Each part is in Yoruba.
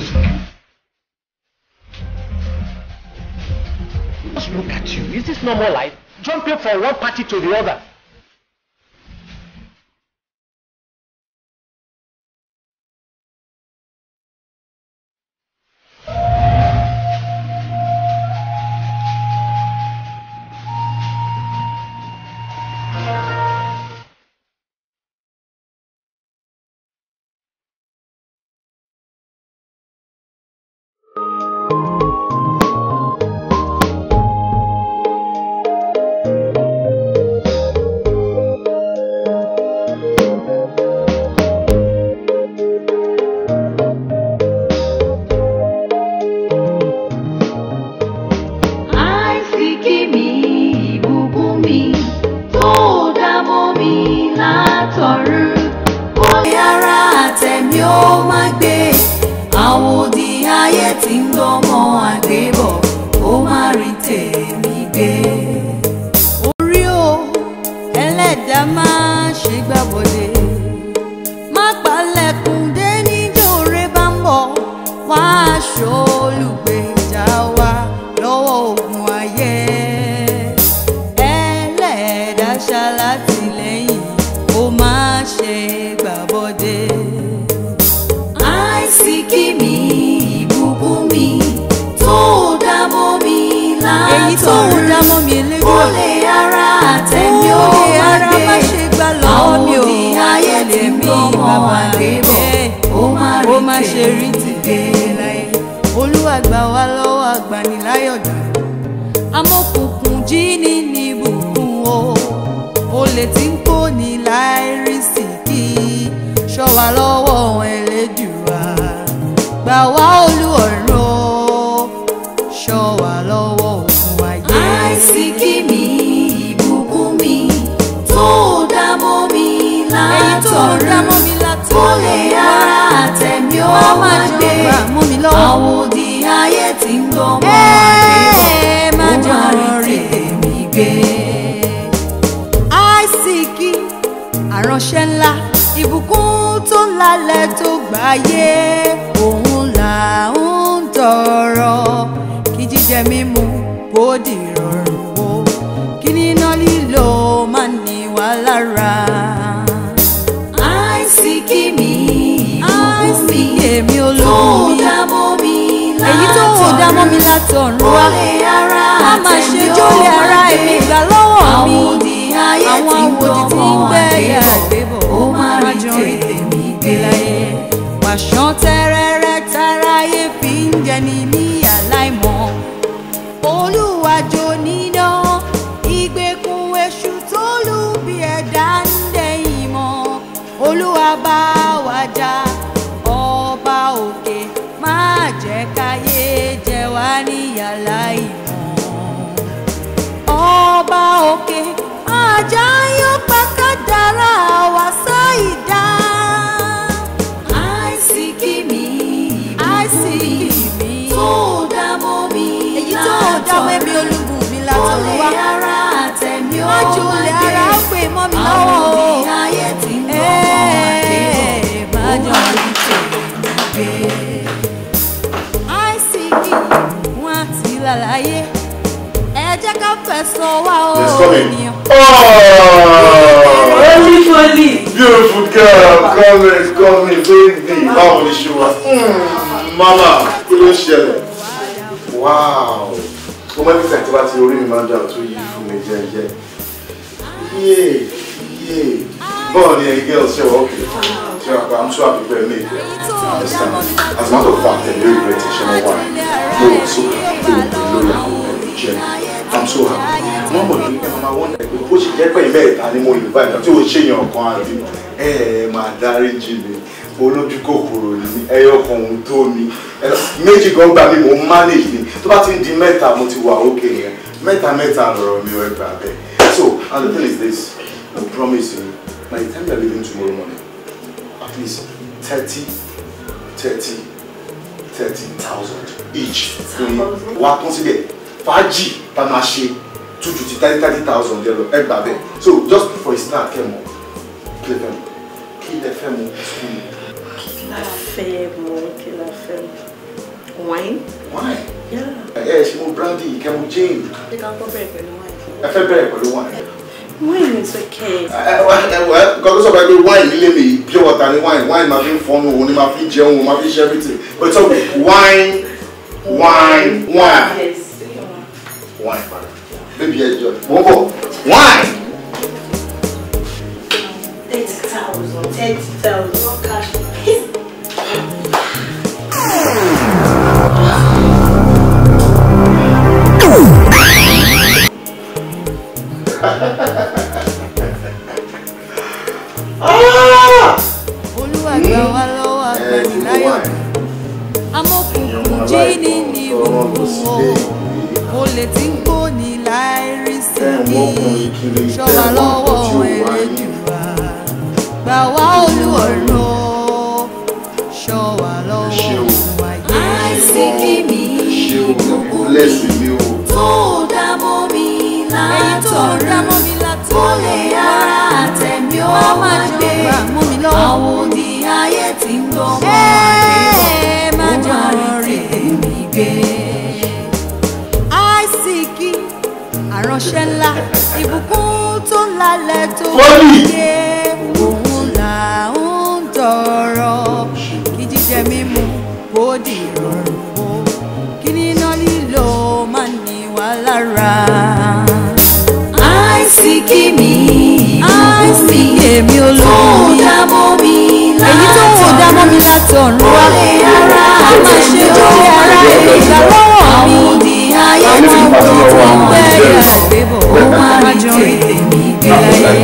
close. Just look at you. Is this normal life? Jumping from one party to the other. láyọ̀dá amókùnkùn jí ní níbùkún o olè tí ń kó ní láìrísìkí ṣọ́ wa lọ́wọ́ Ẹlẹ́dùà gbà wá olú ọ̀rọ̀ wa lọ́wọ́ òkun ayé. àìsíkí mi ìbùkún mi tó dá mọ́ mi látọ̀rí kólé ara àtẹ̀mí ó máa gbé àwòdì ayé tí ń gbọ́n mọ́. afẹ́fẹ́ tó gbáyé òun là ń tọrọ kí jíjẹ mímu kó di rọrùn o kí níná lílo má ní wá lára. àìsíkí mi ìbùkún èmi olóhùn èyí tó ò dá mọ́ mi látọ̀run wá má má ṣe jólè ara èmi gbà lọ́wọ́ mi àwọn àwòdì tí ń gbẹ́ yàgbé bọ̀ ó má rí tèmi àṣàn tẹ́rẹ́rẹ́ táráyé fi ń jẹni ní àláìmọ̀ olúwàjò níná ìgbèkùn èṣù tó lù bí ẹ̀dá ń dẹ̀yìn mọ́ olúwa bá wa jà ọba òkè má jẹ́ káyé jẹ wá níyà láìmọ̀ ọba òkè ajá yóò pa lè ara àtẹ̀mí ó máa dé. ara pè mọ́ mi lọ́wọ́ o. àwọn omi ayé ti icd wọn àti làlàyé ẹ jẹ́ ká fẹ̀sọ̀ wá o ènìyàn. Holy moly! Beautiful girl, come in, come in, baby. Báwo ni ṣe wà? Hmm. Mama, kí ló ṣẹlẹ̀? Wow! mo mọ ẹbí sẹ́ńtì bá ti orí mi máa ń dà tó yí fún mi jẹ́jẹ́ yéé yéé bọ́ọ̀ ni ẹ̀yin girls ṣe wọ́n kì í ṣe wà pa I'm sure I prepare me there understand as a matter of fact ẹ̀mí rí rẹ̀ ti ṣe mọ́ wà mo wà so happy lórí àwọn ẹ̀mí jẹ́ I'm so happy wọ́n mọ̀ ní pé màmá wọ́n dẹ̀ pé ó ṣe jẹ́ pé ìmẹ́ẹ̀ta ni mo yìnbọn ìgbà tí ó ṣèyàn kan àti ẹ̀ẹ́ máa dáríjì mi olójú kòkòrò ní òun tó mi méjì gan gbà mí mò manage ni tó bá ti di mẹ́ta mo ti wà òkè yẹn mẹ́ta mẹ́ta lọ̀rọ̀ mi ò gbà bẹ́ẹ̀ so and the thing is this I promise you by the time you are leaving tomorrow morning at least thirty thirty thirty thousand each fún yín wà á tún síbẹ̀ fàájì bá máa ṣe two to thirty thirty thousand yẹn lọ ẹ gbà bẹ́ẹ̀ so just before a snack kẹ́ mọ̀ kí lè fẹ́ mọ̀ kí lè fẹ́ mọ̀ la fẹ́ mọ̀ kí la fẹ́ wine. wine. Yeah. Yeah, she mu brandy kẹ mu gin. ẹ ká kọ́ bẹ̀rẹ̀ pẹ̀lú wine. ẹ fẹ́ bẹ̀rẹ̀ pẹ̀lú wine. wine is okay. ẹ well, kọ́ ló sọ pé pé wine nílé mi pure water ni wine wine máa fi ń fọnu òun ni máa fi ń jẹun òun máa fi ń wine wine wine. Yes. wine baby ẹ jọ mo wine. thirty thousand thirty thousand cash. olúwàgbà wa lọ́wọ́ agbaniláyọ̀ amókùnkùn jíní ní ìwòkùn o olè tí ń kó ní láìrí sí mi ṣọ́ra lọ́wọ́ Ẹlẹ́dùà gbà wá olúwọ̀rọ̀ ṣọ́ wa lọ́wọ́ àìsí kí mi ìkókó mi tó dá mọ́ mi látọ̀rí kó lè ara àtẹ̀mí ó máa gbé àwọn òdì ayé àránṣẹ́ ńlá ìbùkún tó lálẹ́ tó ń gbé. sí èmi olómi èyí tó wò dá mọ́ mi láti ọ̀run wá àmàṣe orí ara èmi gbà lọ́wọ́ mi àwọn tó tó àgbébọ̀ ó máa ń tètè mí gbé ayé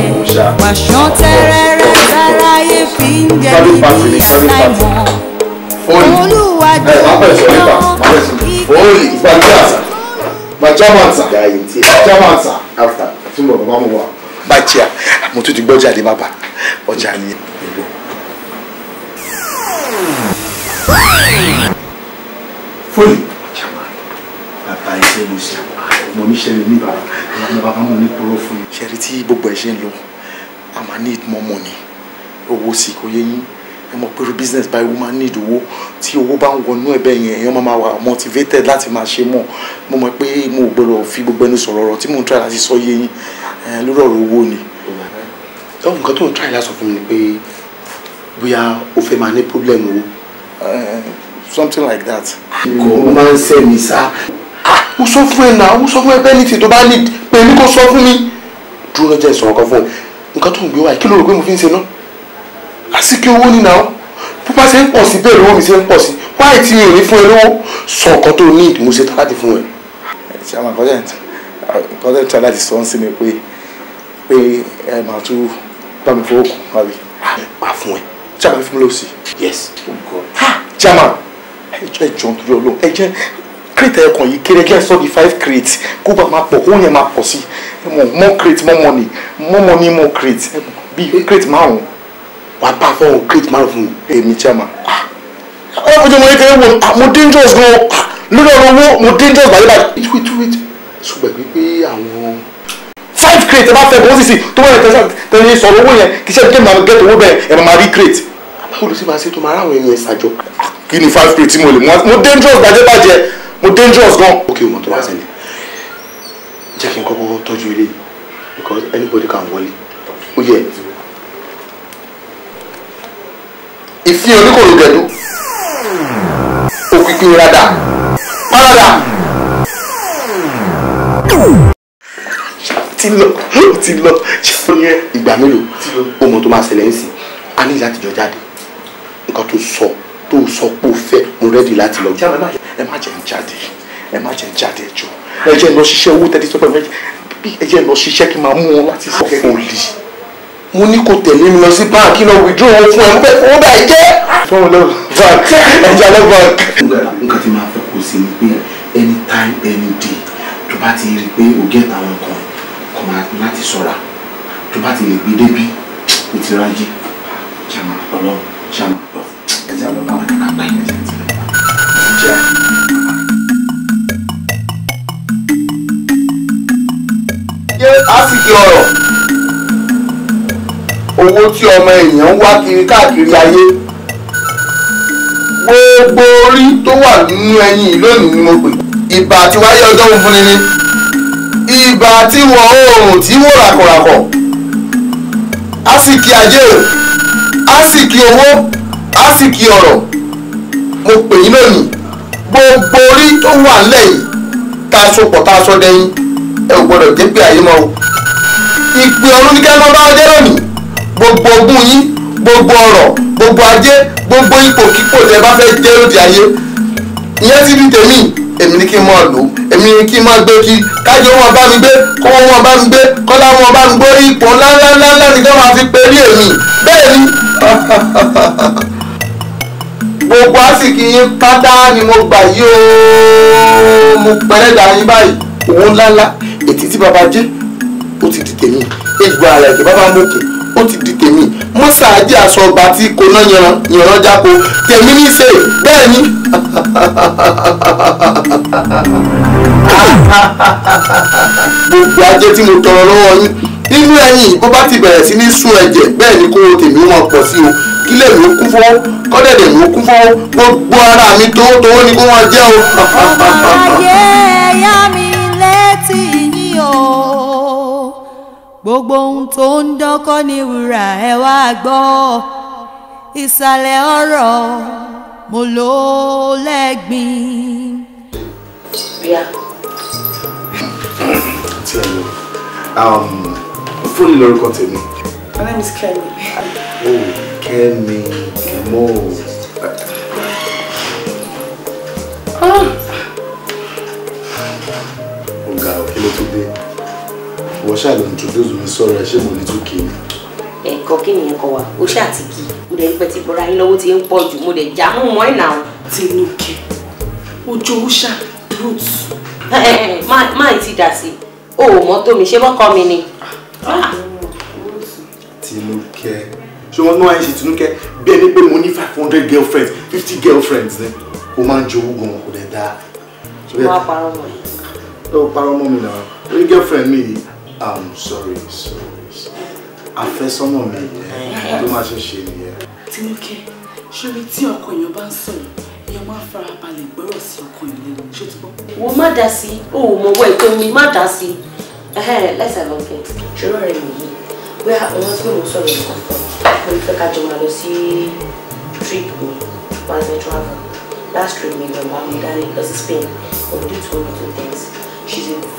pàṣán tẹ́rẹ́rẹ́ fi ń eh, jẹ́ níbi àtàìmọ́ olùwàjò ìyá ìgbà. German sir. Guy, German After. Tumbo, mama wa má jẹ́ à mo tún ti gbọ́ jáde bàbá ọjà ni ìgbò. fóyì bàbá iṣẹ́ mi ṣe mo níṣẹ́ mi níbà àwọn bàbá mo ní kúrò fún mi. ṣe rí tí gbogbo ẹ̀ ṣe ń lọ a máa need more money owó sí kò yẹ yín ẹ mọ̀ pé business by woman need owó tí owó bá ń wọnú ẹ̀bẹ̀ yẹn èèyàn máa wà motivated láti máa ṣe mọ̀ mo mọ̀ pé mo gbọ́dọ̀ fi gbogbo ẹnu sọ̀rọ̀ ọ̀rọ̀ tí mò ń try láti sọ yé yín lórí ọ̀rọ̀ owó ni. ọ̀hún nǹkan tó ń try láti sọ fún mi ni pé bóyá o fẹ́ máa ní problem owó. something like that. kò máa ń sẹ́ mi sá. Ah, mo sọ fún ẹ náà mo sọ fún ẹ bẹ́ẹ̀ ní ti tó bá ní pẹ̀lú kó sọ fún mi. dúró lọ́jà ìsọ̀rọ̀ kan fún ẹ nǹkan tó ń gbé wáyé kí ló rò pé mo fi ń ṣe náà àsìkò owó nínà ó bó bá ṣe ń pọ̀ sí bẹ́ẹ̀ lówó mi ṣe ń pọ̀ sí wáyé tí mi ò ní fún ẹ lówó sọ nǹkan tó ní ìdí mo ṣe tá láti fún ẹ. ṣé àwọn àkọ́jọ́ nǹkan tó ń tọ́ láti sọ ń sí ni pé pé ẹ máa tún bá mi fowó kù àbí. máa fún ẹ. ṣé àwọn ìfúnmi ló sì. yes. jama oh ẹ jọ ẹ jọ nítorí Ọlọ́run ẹ jẹ crate ẹ̀kan yìí kéré kí ẹ sọ di five crate kó bá máa pọ̀ ó yẹn máa pọ̀ sí more crate more money more money more crate bí crate márùn-ún wàá bá fọ́ òun crate márùn fún èmi chairman. ọ̀rọ̀ ah. kò jẹ́ mo kékeré ah, mo dangerous gan ah, lórí ọ̀rọ̀ owó mo dangerous bàjẹ́ bàjẹ́. wait wait ṣùgbọ́n pé àwọn. five crate ẹ bá fẹ́ bọ́ sísì tó wọ́n yẹn sọ̀rọ̀ owó yẹn kì í ṣe kéèmù àwọn gẹ́tò owó bẹ́ẹ̀ ẹ̀ máa rí crate. báwo ló ṣe ṣe tó máa ráwọn ènìyàn ṣàjọ. kí ni five crate tí mo lè mú mo dangerous bàjẹ́ bàjẹ́ mo dangerous gan. ok mo tó wá sẹ́yìn jẹ́ kí n kọ́kọ́ tọ́jú ilé because anybody can wọlé ó yẹ ìfi oníkòrò gẹ̀dú òkìkí rada parada. ti lọ ti lọ ṣàfihàn yẹn. ìgbà mélòó ọmọ tó máa ṣẹlẹ̀ ń sìn á ní láti jọ jáde nǹkan tó sọ tó sọ pé ó fẹ́ mo rẹ́dí láti lọ. ẹ má jẹ́ ń jáde ẹ má jẹ́ ń jáde ẹjọ́ ẹ jẹ́ ń lọ ṣiṣẹ́ owó tẹ́tí sọ́kọ̀ ẹ jẹ́ ń lọ ṣiṣẹ́ kí n máa mú wọn láti sọ fún olè mo ní kò tẹ̀lé mi lọ sí báńkì lọ withdraw owó fún ẹ mo fẹ́ fowó bá ẹ jẹ́. fọwọ́ lọ bank ẹja lọ bank. nǹkan tí màá fẹ́ kó sí ni pé anytime any day tó bá ti rí i pé o get àwọn nǹkan kò máa láti sọ̀ra tó bá ti lè gbé débi o ti rájì ṣàmà ọlọ́run ṣàmà ọlọ́run ẹja lọ bá wọn kàkà báyìí ẹja ti lọ bá wọn. yé a sì kí ọ̀rọ̀ owó tí ọmọ ènìyàn ń wá kiri káàkiri ayé gbogbo orí tó wà nínú ẹyin lónìí ni mo pè ìbà tí wáyé ọjọ́ funfun ni ni ìbà tí wọ̀ oòrùn tí wò ràkọ̀ràkọ̀ àsìkí ajé àsìkí owó àsìkí ọ̀rọ̀ mo pè yín lónìí gbogbo orí tó wà nílẹ̀ yìí tá so pọ̀ tá so sọ dẹ́yìn ẹ ò gbọ́dọ̀ dé pé àyè mọ́ o ìpè ọ̀run ní kẹ́kọ̀ọ́ bá wọlé lónìí gbogbo ogún yín gbogbo ọrọ̀ gbogbo ajé gbogbo ipò kíkò tẹ bá fẹ́ jẹ́ lóde ayé ìyẹn ti di tèmi èmi ni kí n máa lò èmi ni kí n máa gbé kí kájọ wọn bá mi gbé kọ́wọ́ wọn bá mi gbé kọ́lá wọn bá mi gbé ipò ńláńláńlá ni ká máa fi pe rí èmi bẹ́ẹ̀ ni gbogbo àsìkò yín pátá ni mo gbà yí ooo mo pẹ̀lẹ́dà yín báyìí òun ńláńlá ètí tí baba jẹ́ ó ti di tèmi ègbò ààrẹ ìgbẹ́ bàbá mọ̀kẹ́ ó ti di tèmi mọ́sà aṣọ ọba tí kò ná yànrán yànrán jáko tèmi ní ṣe bẹ́ẹ̀ ni. gbogbo ajé tí mo tọrọ lọ́wọ́ yín nínú ẹ̀yìn bó bá ti bẹ̀rẹ̀ sí ní sún ẹ̀jẹ̀ bẹ́ẹ̀ ni kówó tèmi ó pọ̀ sí o kílẹ̀ mi ó kún fún kọ́dẹ̀dẹ̀ mi ó kún fún gbogbo ara mi tówó ni kó wọ́n jẹ́ o. ayé ẹ̀yà mi létí yìí o gbogbo ohun tó ń dọ́kọ́ ní wúrà ẹ wá gbọ́ ìsàlẹ̀ ọ̀rọ̀ mo lò lẹ́gbìn. Um, fúnni lórúkọ tèmi. my name is Kemi. oh Kemi Kemo. ó ah! ga ò kí ló tó dé wọ́n ṣáà ló introduce mi sọ̀rọ̀ ẹ̀ ṣé mo ní tún kí ni. ẹ̀kọ́ kí kọ wa ó ṣáà ti kí mo dẹ̀ pẹ́ ti bọ́ra yín lọ́wọ́ ti ń pọ̀ jù mo dẹ̀ já mú mọ́ ìnà o. tinúkẹ́ ojú òòṣà root. máa ti dà sí o ò mọ́ ṣé bọ́kọ mi ni. Ah. Ah. tinúkẹ́ ṣé wọ́n ní wọ́n á ṣe tinúkẹ́ bí ẹni pé mo ní five hundred girlfriends fifty girlfriends ni o máa ń jowú gan kò dẹ̀ dáa. wọ́n á parọ́ mọ́ mi. ó parọ́ mọ́ mi náà orí girlfriend mi yìí I'm sorry, sorry, sorry. Àfẹ́sọ́nà mi yẹn tó máa ṣe ṣe nìyẹn. Tinúkẹ́, ṣorí tí ọkọ èèyàn bá ń sọ̀rọ̀, èèyàn máa fara balẹ̀ gbọ́rọ̀ sí ọkọ ìlú ẹ̀rọ. Ṣé o ti gbọ́? Wo má dá sí, o ò mọ̀wọ́ ètò mi, má Let's have a look. Ṣọ́rọ̀ rẹ̀ nìyí, bóyá òun tí mo sọ̀rọ̀ nǹkan kan, mo fẹ́ ká jọ máa lọ sí trip me. While I travel. Last trip mi lọ bá mi dání lọ sí Spain, We dì tó mi tó tẹ̀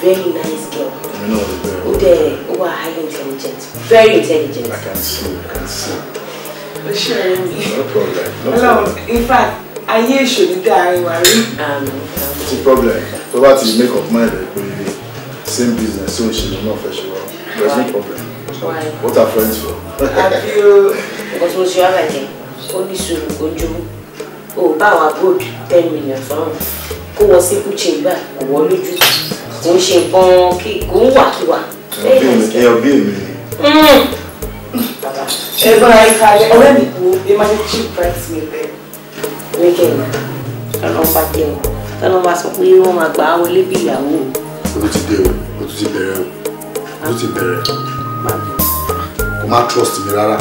very nice girl. I know very well. Ude, who are highly intelligent, very intelligent. I can see, I can see. But sure, no problem. No problem. in fact, ayé ìṣòro dá àárín wa rí. Um, no a problem. Tó bá ti make up mind rẹ̀ pé same business so ìṣèlú náà fẹ́ ṣe wá. There's no problem. Why? What are friends for? Have you? Because most you have bàjẹ́, ó ní sùúrù ojú o bá wa gold ten million fún un kó wọ sí kúchìn gbà kó wọ kò ń ṣe nǹkan kí kò ń wàkiwà. èèyàn bí èmi ni. ẹ̀gbọ́n àìka ọ̀rẹ́ mi kú bí máa ṣe cheap price mi bẹ́ẹ̀. wíkẹ́ mi ọlọ́run bá jẹ́ wọn ọlọ́run bá sọ pé wọ́n máa gbà á wọlé bí ìyàwó. o ti dé o o ti bẹ̀rẹ̀ o o ti bẹ̀rẹ̀ kò má trust mi rárá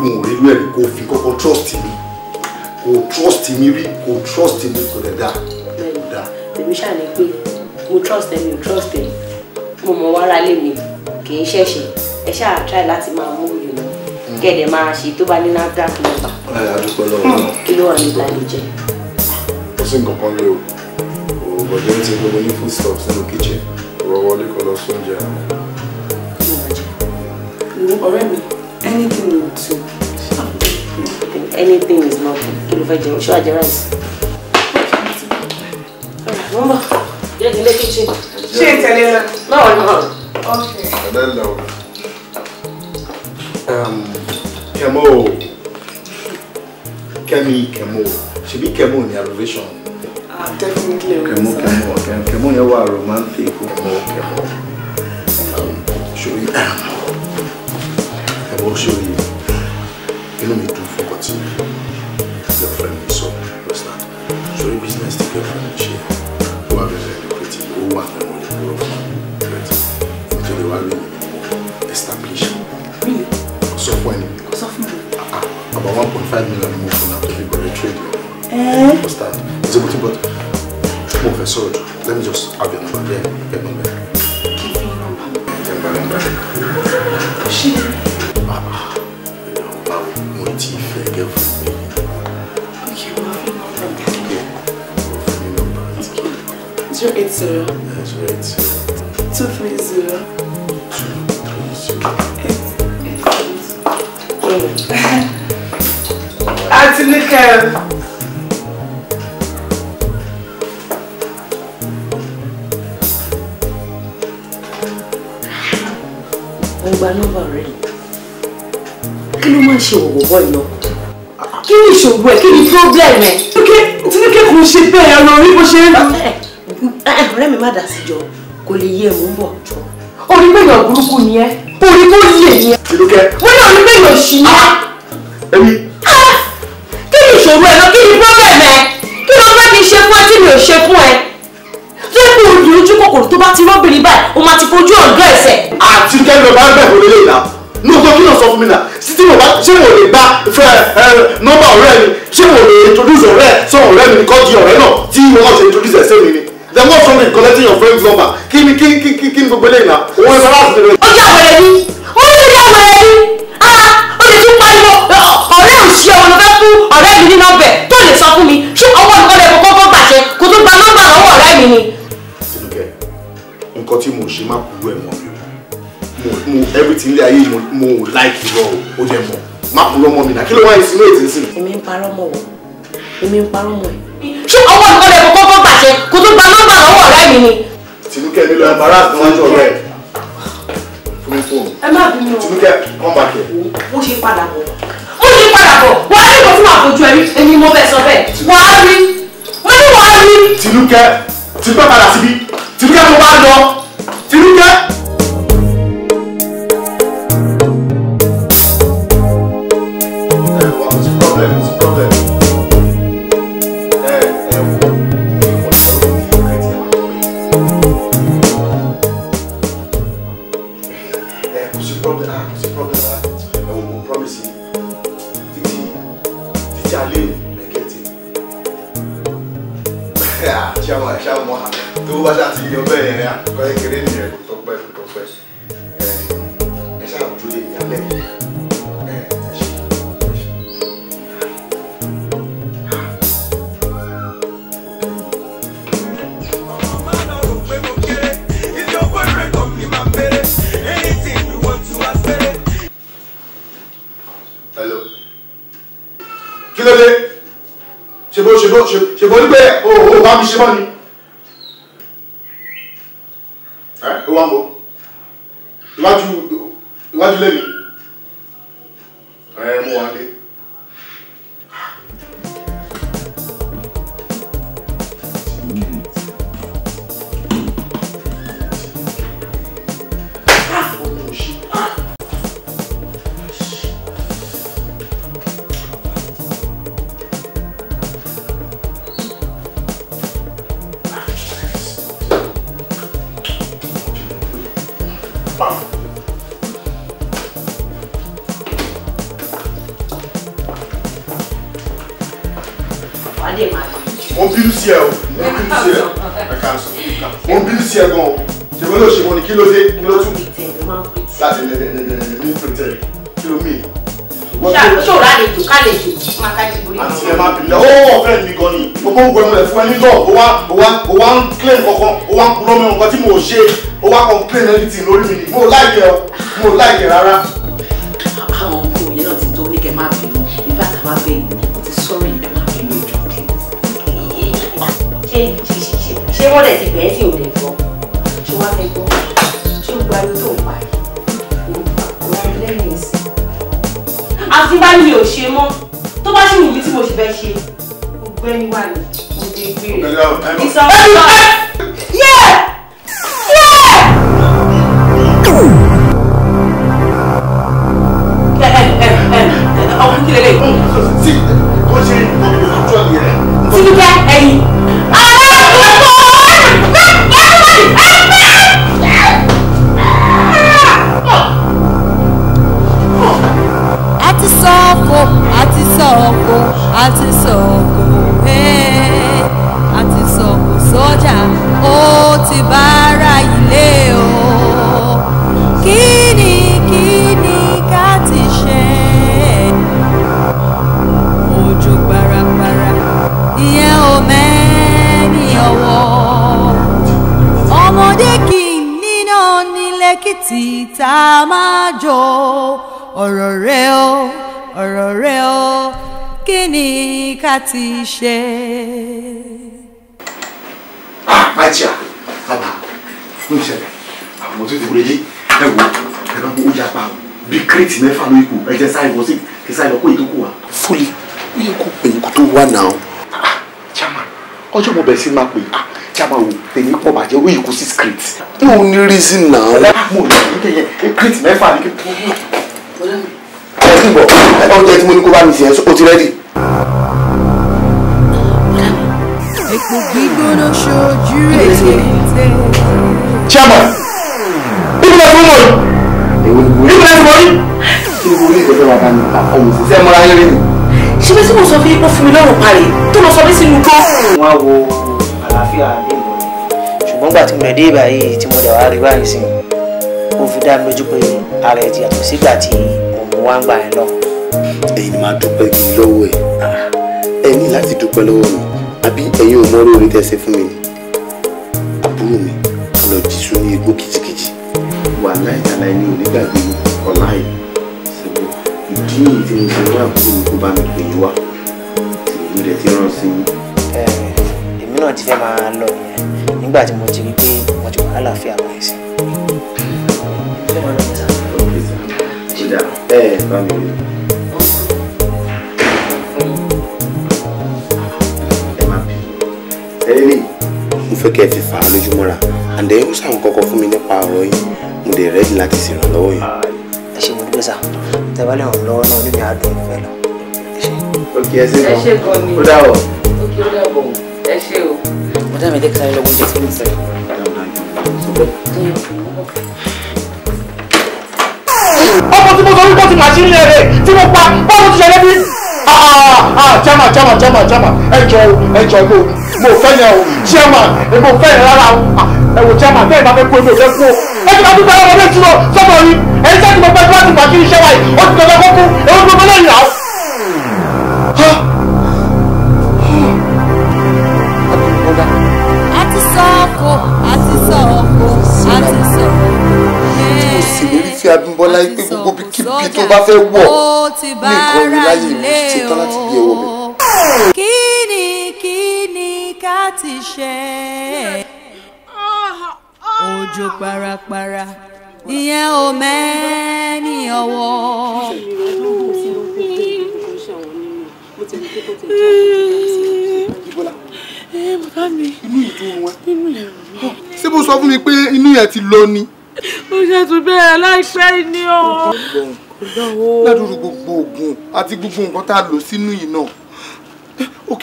mo ò rí lú ẹ̀rí kò fi kọ́kọ́ trust mi kò trust mi rí kò trust mi kò dẹ̀ dáa. bẹ́ẹ̀ni èmi ṣàlẹ pé mo trust ẹ mi ò trust ẹ mo mọ wàrà lé mi kì í ṣẹ̀ṣẹ̀ ẹ ṣáà try láti máa mú yìí lọ kẹ̀dẹ̀ máa ṣe tó bá ní NAFDAC nọ́mbà. ẹ adúpẹ́ lọ́wọ́ hmm. náà kí ló wà ní ìbànújẹ́. kò sí nǹkan kan lé o òbọ̀dé ń ti gbogbo ní food stuff sínú kitchen ọ̀rọ̀ wọlé kọ́ lọ sóúnjẹ àwọn. ọ̀rẹ́ mi anything will do anything is nothing kí ló fẹ́ jẹun ṣọ́ àjẹrà yìí. Mama jẹ́ kí n lé kíchìn. ṣé ìtẹ̀lé lọ. báwo ni wọn. ọ̀dẹ lọ. kẹmọ o kẹmi kẹmọ o ṣebí kẹmọ ni abbreviation. ah definitely. kẹmọ kẹmọ kẹmọ yẹn wà romantic kẹmọ kẹmọ ṣòyí kẹmọ ṣòyí inú mi dùn fún ọtí your friend mi sọ lọ sí ṣòyí business ti girlfriend mi ṣe wà nínú ìṣòro ìrètí ìjọba ìwà rí establish. sọ fún ẹni. sọ fún mi. Ah, ah, about one point five million mo fún náà trade. Eh? ṣe mo ti bọ̀ mo fẹ́ sọ̀rọ̀ let me just have your number there get my number. kí ni number. number ah, number rate? Two three zero. Two three zero. Eight eight eight. Auntie Nicole. gba nọ́mbà rẹ kí ló máa ń ṣe òwò bọ́ ìlọ kí ni ìṣòwò ẹ kí ni problem ẹ. nítorí kí kò ṣe bẹ́ẹ̀ ọ̀nà orí bó ṣe ń lọ. Eh, ọ̀rẹ́ mi má dà sí jọ kò lè yé ẹ̀mú bọ̀ jọ. orí pé èèyàn burúkú ni ẹ orí tó lè ni ẹ. ìlúkẹ́. mo ní orí pé èèyàn ṣì ni ẹ. èmi. Ah! Ah! kí ni ìṣòro ẹ lọ kí ni problem ẹ kí ló fẹ́ kí n ṣe fún ẹ tí mi ò ṣe fún ẹ. tó ń gbòòrò ní ojú kòkòrò tó bá ti rọ́bìnrin báyìí o máa ti fojú ọ̀dọ́ ẹ̀sẹ̀. àti kẹ́mi ọba ń bẹ̀ wọlé lè nà ní ọjọ́ kí ló sọ fún mi nà sí tí mo bá ṣé mo lè gba fẹ ẹ nọ́mbà ọ̀rẹ́ mi ṣé mo lè introduce ọ̀rẹ́ sọ ọ̀rẹ́ mi kọ́ di náà tí wọ́n ṣe introduce ẹ̀ sẹ́mi ni then what's wrong in collecting your friend's number kí ni kí kí kí kí ni gbogbo eléyìí náà òun ẹ̀ sọ́lá àti ìrẹ̀lẹ̀. ó jẹ́ àwẹ̀rẹ̀ ni ó ní ṣe jẹ́ àwẹ̀rẹ̀ ni ah ó lè tún pariwo ọ̀rẹ́ òṣìṣẹ́ ọ̀nà fẹ́ fún ọ̀rẹ́ mi ní nọ́ọ̀bẹ̀ tó lè sọ fún mi ṣé ọwọ́ nǹkan lè kọ́kọ́ gbàṣẹ kó tó gba nọ́mbà lọ́wọ́ ọ̀rẹ́ mi ni. sinukẹ́ nǹkan tí mo ṣe má kúrú ẹ̀ mọ́ mi mo everything ilé ayé mo like irọ́ o ó jẹ́ mọ́ má kúrú ọmọ mi náà kí ló wá insinuate nísìnyí. èmi ń parọ́ mọ̀ wọ̀ èmi ń parọ́ mọ̀ ẹ̀. ṣé ọwọ́ nǹkan lè kọ́kọ́ ni kò tún gba nọ́mbà àwọn ọ̀rẹ́ mi ni. tìlúkẹ́ nílò ẹ̀mbára àtúnwájú ọ̀rẹ́ ẹ̀ fún mi fóònù. ẹ má bínú o ṣe padà bọ̀ ó ṣe padà bọ̀ wà á rí mo fún àpòjù ẹ̀rí èmi mo bẹ̀ sọ bẹ́ẹ̀ wà á rí mo ní wà á rí. tìlúkẹ́ tìlúkẹ́ padà síbi tìlúkẹ́ mo bá lọ tìlúkẹ́. nǹkan tí mo ṣe ó wá complain anything lórí mi ni mo láìpẹ́ ọ mo láìpẹ́ rárá. àwọn ọkọ òye náà ti tó ní kẹ máa bínú ìfẹ́ àtàwọn abẹ́ yìí ti sọ̀rọ̀ ìdá máa bínú ìjọ kí. ṣé ṣé wọ́n lè ti bẹ̀ẹ́ tí ò lè gbọ́ ṣé wọ́n fẹ́ gbọ́ ṣé o gba yóò tó ń parí òun lẹ́yìn ìsìn. àti bá mi ò ṣe mọ́ tó bá ṣì wù mí tí mo ṣì fẹ́ ṣe ògbẹ́ni wà ní òde ìgbé rẹ̀ ìsọ̀rọ̀ láti ṣe. àpájà bàbá ń ṣẹlẹ̀ àwọn tó ti wọlé ẹ wò ẹ bá mú ó yapa bí kírètì mẹ́fà ló ikú ẹ jẹ́ sáré wọ sí kí sáré lọ kó èyí tó kù wá. fúli ó yẹ kó pè nǹkan tó wà náà. chama ọjọ́ mo bẹ̀rẹ̀ sí máa pè ah, chama wò tèmi pọ̀ bàjẹ́ ó yẹ kó sí script. mo ní reason náà. mo ní kírètì mẹ́fà ni kí. ọ̀rẹ́ mi. ọ̀rẹ́ mi bọ̀ ọ̀rẹ́ tí mo ní kó bá mi sìn ẹ́ o ti rẹ́dì. epo gbígbóná ṣojú ètè. chairman bíbí ẹ fún mọ bíbí ẹ fún mọ kí ni mo rí ìgbésẹ̀ wa dání àkọ́mù sí sẹ́mu ráyé rí mi. ṣé bí tí mo sọ fún yín kó fún mi lọ́rùn parí tó lọ sọ mí sínú kọ́. wọ́n á wo àlàáfíà dé mọ́ ṣùgbọ́n gbà tí mo lè dé ìbàyè tí mo dẹ̀ wá rí báyìí sí mo fi dá mi lójú pé ara ẹ̀ ti yàtọ̀ sígbà tí òun wá ń gbà yẹn lọ. ẹ̀yin ni máa dúpẹ́ gidi lọ́wọ́ ẹ̀ ah, ẹ ní láti dúpẹ́ lọ́wọ́ mi àbí ẹ̀yin ò mọ́rí orí tẹ́sẹ̀ fún mi ni àbúrò mi lọ jí sún ní igbó kìjìkìjì wà láìdáláì ní onígbàgbé ọ̀la yìí ṣègbè ìdí nìyí tí mo ṣe wá àbúrò mi kó bá mi pè yín wá èmi rẹ̀ ti rán sí yín. èmi náà ti fẹ́ máa lọ nìyẹn nígbà tí mo ti rí pé wọ́n ti wà lálàáfíà báyìí sí. ṣé wọ́n lọ sí ọ̀rọ̀ ìjà? ṣé dáa? ẹ ẹ bá mi rí i. lélẹ̀ mo fẹ́ kẹ́ ẹ fi fà á lójú mọ́ra and then ó ṣàwọn kọ́kọ́ fún mi nípa ọ̀rọ̀ yìí mo dẹ̀ rẹ́dí láti ṣèrànlọ́wọ́ yìí. ẹ ṣe mo dúró sá tẹ̀wálẹ̀ ọ̀hún lọ́wọ́ náà níbi àádọ́ ìfẹ́ lọ. ẹ ṣe gan ni ó dà wọ. ẹ ṣe o. mo dá mi dé kíláyé lọ́wọ́ oúnjẹ tí sẹ́yìn. ọmọ tí mo sọ wípé ti màṣí ń lé tí mo pa báwo ti ṣe lé bí. Ah, ah, ah, jama jama jama jama ẹ jọ ẹ jọ ẹ mo fẹ́ yẹn o chairman èmi ò fẹ́ yẹn rárá o ah, ẹ wò chairman bẹ́ẹ̀ bá fẹ́ kú èmi ò fẹ́ kú o ẹ ti máa tún tẹ́lẹ̀ wọlé jùlọ sọ́mọ yìí ẹ̀yin sẹ́ni mo fẹ́ tí wọ́n ti pàkí iṣẹ́ wa yìí ó ti tẹ̀lé kókó èmi ò fẹ́ lẹ́yìn àwọn. àti sọ́ọ̀kọ̀ àti àti sọ́ọ̀kọ̀ mo sì lórí fi Abímbọ́lá yìí pé gbogbo kíbi tó bá fẹ́ wọ̀ ní nǹkan mi láyé mi ṣetán láti bí ẹwọ́ mi ti ṣe òjò parapara ìyẹn ò mẹ́ni ọwọ́. inú ìdùn wọn ṣé mo sọ fún mi pé inú yẹn ti lọ ni. ó ṣètò bẹ́ẹ̀ láìpẹ́ ni o. ládùúgbò gbogbo oògùn àti gbogbo nǹkan tá a lò sínú yìí náà ok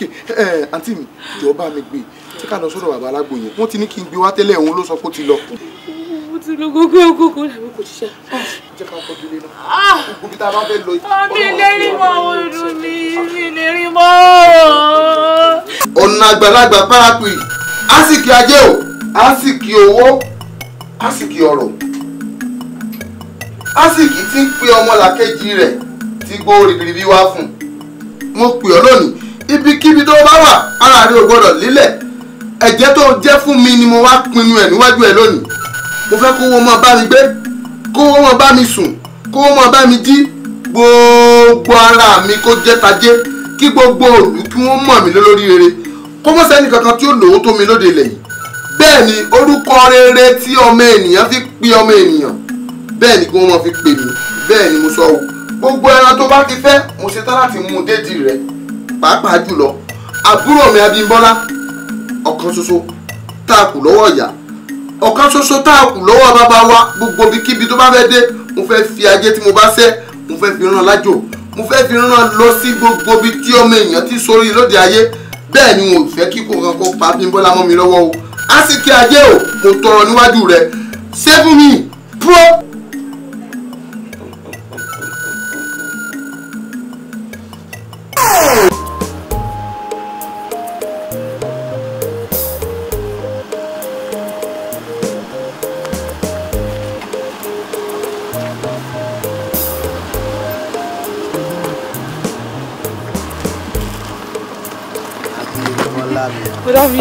àǹtí mi jọ̀ọ́ bá mi gbé tí ká lọ sọ́dọ̀ bàbá alágbò yẹn wọ́n ti ní kí n gbé wá tẹ́lẹ̀ òun ló sọ pé ó ti lọ. mo ti lọ gbogbo ogógó làwọn kò ṣiṣẹ́. Ah, jẹ́ ká kọ́ délé náà ah! gbogbo ibi tá a bá fẹ́ lọ. Ah, mi lè rí mọ́ ọdún mi mi lè rí mọ́. ọ̀nà àgbàlagbà parapì àsìkí ajé o àsìkí owó àsìkí ọrọ̀ àsìkí tí ń pe ọmọlàkejì rẹ̀ ti gbó ribiribi wá fún un mo pè ọ́ lónìí ibikíbi tó bá wà ara rẹ ò gbọdọ̀ lílẹ̀ ẹ̀jẹ̀ tó jẹ́ fún mi ni mo wá pinnu ẹ̀ níwájú ẹ̀ lónìí mo fẹ́ kówó mọ́ bá mi gbé kówó mọ́ bá mi sùn kówó mọ́ bá mi jí gbogbo ara mi kó jẹ́ tajé kí gbogbo òlù kí wọ́n mọ̀ mí lórí rere kó mọ̀ sẹ́ni kankan tí ó lòó tó mi lóde lẹ́yìn bẹ́ẹ̀ ni orúkọ rere tí ọmọ ènìyàn fi pe ọmọ ènìyàn bẹ́ẹ̀ ni kí wọ́n mọ̀ fi pè mí bẹ́ẹ̀ ni mo sọ o gbogbo ẹran tó bá ti fẹ́ mo ṣetán láti mú un dédìí rẹ̀ pàápàá jùlọ àbúrò mi Abímbọ́lá ọ̀kan ṣoṣo tá a kù lọ́wọ́ ìyá ọ̀kan ṣoṣo tá a kù lọ́wọ́ bàbá wa gbogbo ibikíbi tó bá fẹ́ dé mo fẹ́ fi ajé tí mo bá ṣẹ́ mo fẹ́ fi rán lájò mo fẹ́ fi rán lọ sí gbogbo ibi tí ọmọ èèyàn ti sórí lóde ayé bẹ́ẹ̀ ni mo fẹ́ kí kò kankan pa Abímbọ́lá mọ́ mi lọ́wọ́ o á sì kí ajé o mo tọrọ níwájú rẹ save me pro. irọ́ mi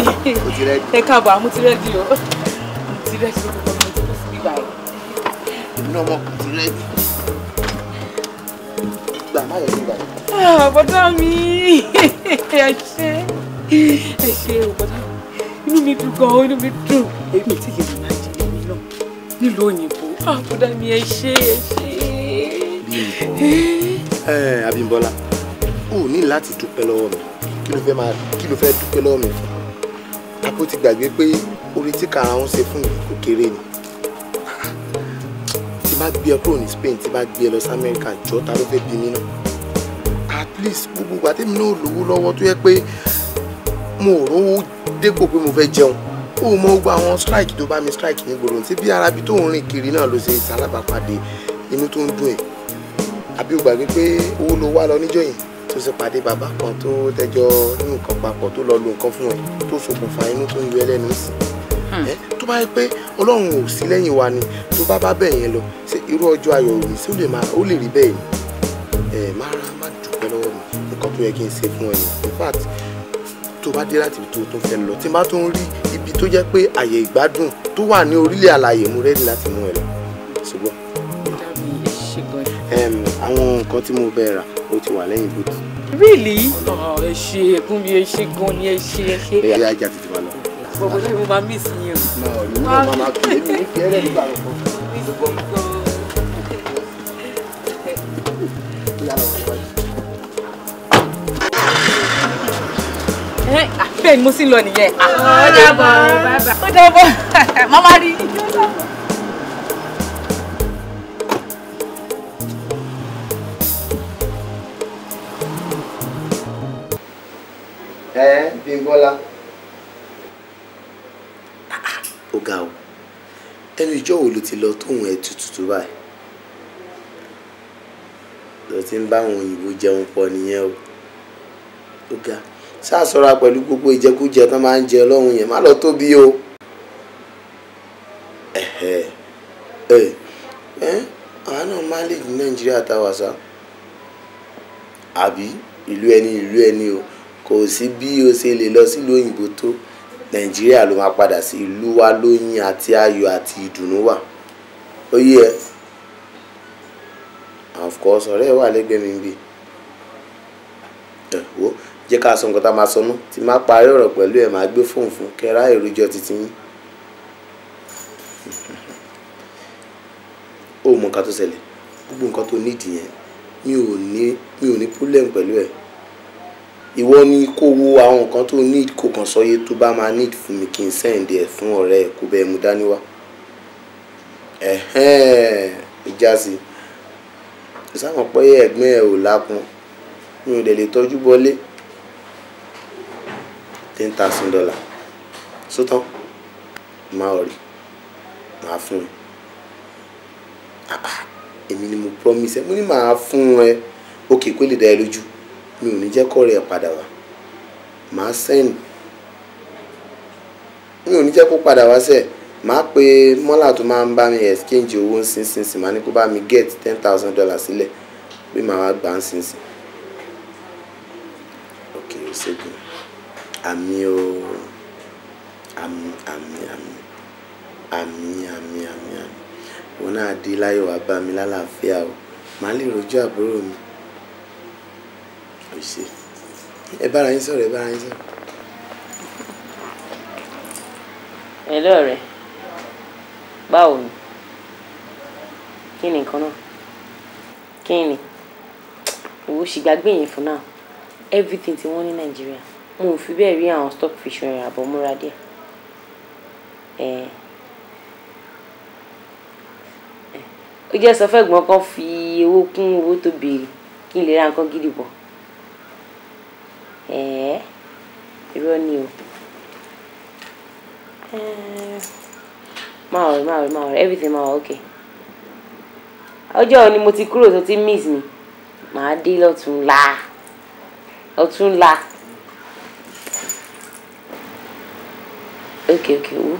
ẹ káàbọ̀ àmú ti rẹ́dí o ti rẹ́dí o kò mọ ìjókòó sí bíbá yìí. èmi náà mọ̀ kò ti rẹ́dí ìgbà má yẹ sígbà yìí. Ah, bọ́dá mi ẹ ṣe ẹ ṣe o bọ́dá inú mi dùn gan-an inú mi dùn èmi tí yẹn máa jẹ èmi náà nílùú òyìnbó ah, bọ́dá mi ẹ ṣe ẹ ṣe. Eh, Abímbọ́lá o ní láti dúpẹ́ lọ́wọ́ mi kí ló fẹ́ dúpẹ́ lọ́wọ́ mi fún àbó ti gbàgbé pé orí tí karahun ṣe fún mi kò kéré ni tí bá gbé ẹ kúrò ní Spain tí bá gbé ẹ lọ sí Amẹ́ríkà jọ ta ló fẹ́ bí mi náà at least gbogbo ìgbà tèmi náà lówó lọ́wọ́ tó yẹ pé mo rówó dépò pé mo fẹ́ jẹun ó mọ gbogbo àwọn strike tó bá mi strike nígboro tí bí arabi tó ń rìn kiri náà ló ṣe ìsalábàápàdé inú tó ń dùn ẹ àbí o gbàgbé pé owó ló wá lọ níjọ́ yẹn tó sì pàdé bàbá kan tó tẹjọ ní nǹkan papọ̀ tó lọ lu nǹkan fún ẹ tó ṣokùnfà inú tó ń yọ ẹlẹ́nu sí i hmm. tó bá yẹ pé ọlọ́run ò sí lẹ́yìn wa ni tó bá bá bẹ̀ yẹn lọ ṣé irú ọjọ́ ayọ̀ òní sí ó lè máa ó lè rí bẹ́ẹ̀ ni ẹ má ra má dúpẹ́ lọ́wọ́ mi nǹkan tó yẹ kí n ṣe fún ẹ ní in fact tó bá dé láti ibi tó tó fẹ́ lọ tí n bá tó ń rí ibi tó jẹ́ pé àyè ìgbádùn tó wà ní orílẹ̀ àlàyé mo rẹ́ẹ̀dì láti mú ẹ lọ ṣùgbọ́n àwọn nǹkan tí mo bẹ̀ ó ti wà lẹ́yìn bùtù. really ẹ ṣe ẹkún mi ẹ ṣe gan ni ẹ ṣe ẹ ṣe. ẹ yá ajá tètè máa lọ. bọ̀bọ̀ ṣe mo máa mí sí yẹn o. náà èmi náà máa máa kí èmi ní fẹ́rẹ̀ nígbà lọ́kọ̀. Ah, bẹ́ẹ̀ ni mo sì ń lọ nìyẹn. ó dàbọ̀ ó dàbọ̀ màmá rí ẹ Bímbọ́lá. ó ga o ẹnu ìjọ wo ló ti lọ tóun ẹ tutù tó báyìí ló ti ń bá àwọn òyìnbó jẹun pọ̀ nìyẹn o ó ga ṣáà ṣọ́ra pẹ̀lú gbogbo ìjẹkújẹ tó máa ń jẹ lọ́hùn yẹn má lọ tóbi o ẹ̀hẹ̀ ẹ̀ ẹ̀ àwọn náà máa lè ní Nàìjíríà táwa sá àbí ìlú ẹni ìlú ẹni o kò sí bí o ṣe lè lọ sílùú òyìnbó tó nàìjíríà ló máa padà sí ìlú wa lóyin àti ayọ̀ àti ìdùnnú wà ó ẹ of course ọ̀rẹ́ ẹ wà lẹ́gbẹ̀ẹ́ mi ń bì ẹ wo jẹ́ ká sọ nǹkan tá a máa sọ nú tí má parí ọ̀rọ̀ pẹ̀lú ẹ̀ máa gbé fóònù fún kẹ́rá èròjọ títí yín ó mọ nǹkan tó ṣẹlẹ̀ gbogbo nǹkan tó nídìí yẹn mi ò ní mi ò ní problem pẹ̀lú ẹ̀ ìwọ ni kó wo àwọn nǹkan tó need kó kàn sọyé tó bá máa need fún mi kí n send ẹ fún ọ̀rẹ́ ẹ kó bẹ́ẹ̀ mú dání wá ìjà sáwọn pé ẹ̀gbọ́n ẹ ò lákun mi ò dẹ̀ lè tọ́jú bọlé ten thousand dollar sótán máa rí máa fún ẹ ah, ah, èmi ni mo promise ẹ mo ní máa fún ẹ òkè kó lè dá ẹ lójú mi ò ní jẹ́ kọ́ rẹ̀ padà wá màá send mi ò ní jẹ́ kó padà wá sẹ́ẹ̀ màá pe mọ́là tó máa ń bá mi exchange owó nsinsinsin màá ní kó bá mi get ten thousand dollars sílẹ̀ pé màá wá gbà nsinsin ok ṣègùn àmì o àmì àmì àmì àmì àmì àmì àmì òun náà dé láyọ̀ wá bá mi lálàáfíà o màá lè rojú àbúrò mi ṣe ẹ bára yín sọ̀rọ̀ ẹ bára yín sọ̀rọ̀. ẹ̀lú ọ̀rẹ́ báwo ni kí ni nǹkan náà kí ni òwò ṣìgbàgbé yẹn fún náà everything tí wọ́n ní nàìjíríà mo ò fi bẹ́ẹ̀ rí àwọn stockfish rẹ̀ àbọ̀ múra díẹ̀ ó jẹ́ sọ fẹ́gbọ́n kan fi owó kún owó tó béèrè kí n lè ra nǹkan gidi bọ̀ ẹ̀ẹ́ irọ́ ni o máa ọ̀rẹ́ máa ọ̀rẹ́ máa ọ̀rẹ́ everything máa wà okay ọjọ́ ni mo ti kúrò tó ti miss mi màá dé lọ́túnla ọ̀túnla okay okay wú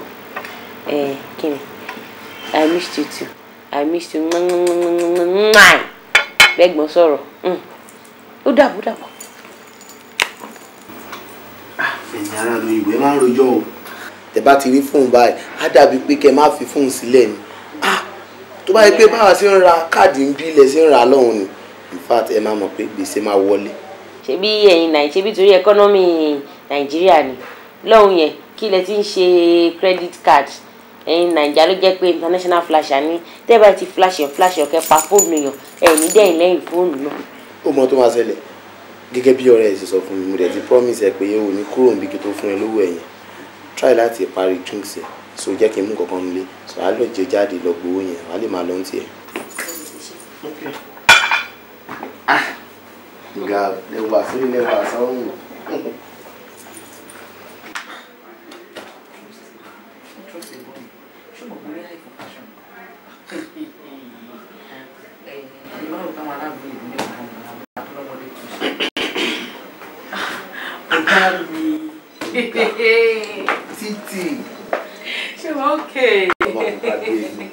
ẹ kí i missed you too i missed you mwai bẹ́gbọ́n sọ̀rọ̀ hmm. ó dàbọ̀ dàbọ̀ ẹ̀yin ara lu ìwé máa ń rojọ́ o tẹ bá ti rí fóun báyìí á dàbí pé kẹ má fi fóun sílẹ̀ ni ah tó bá yẹ pé báwa ṣe ń ra káàdì ń bí ilẹ̀ ṣe ń ra lọ́hùn ni in fact ẹ máa mọ̀ pé gbèsè máa wọlé. ṣebí ẹ̀yin nàì ṣebí torí ẹkọ́nọ́mì nàìjíríà ni lọ́hùn yẹn kí ilẹ̀ ti ń ṣe credit card ẹ̀yin nàìjíríà ló jẹ́ pé international flash àní tẹ́ bá ti flash ẹ̀ flash ẹ̀ kẹ́ pa fóònù yàn ẹ̀yin dẹ́yìn lẹ́yìn fóònù náà. ó mọ tó máa ṣẹlẹ̀ gẹ́gẹ́ bí ọ̀rẹ́ ẹ̀ ṣe sọ fún mi mo dẹ̀ ti promise ẹ pé o ní kúrò níbi kí tó fún ẹ lówó ẹ̀yìn try láti parí drinks ẹ̀ so jẹ́ kí n mú kankan nílé so a lọ jẹ jáde lọ gbowó yẹn wàá lè máa lọ ní tiẹ̀. Ah, ga lẹwà sí lẹwà sọ́run. dárò títì. ṣé wọn òkè. ọmọ mi bá gbé e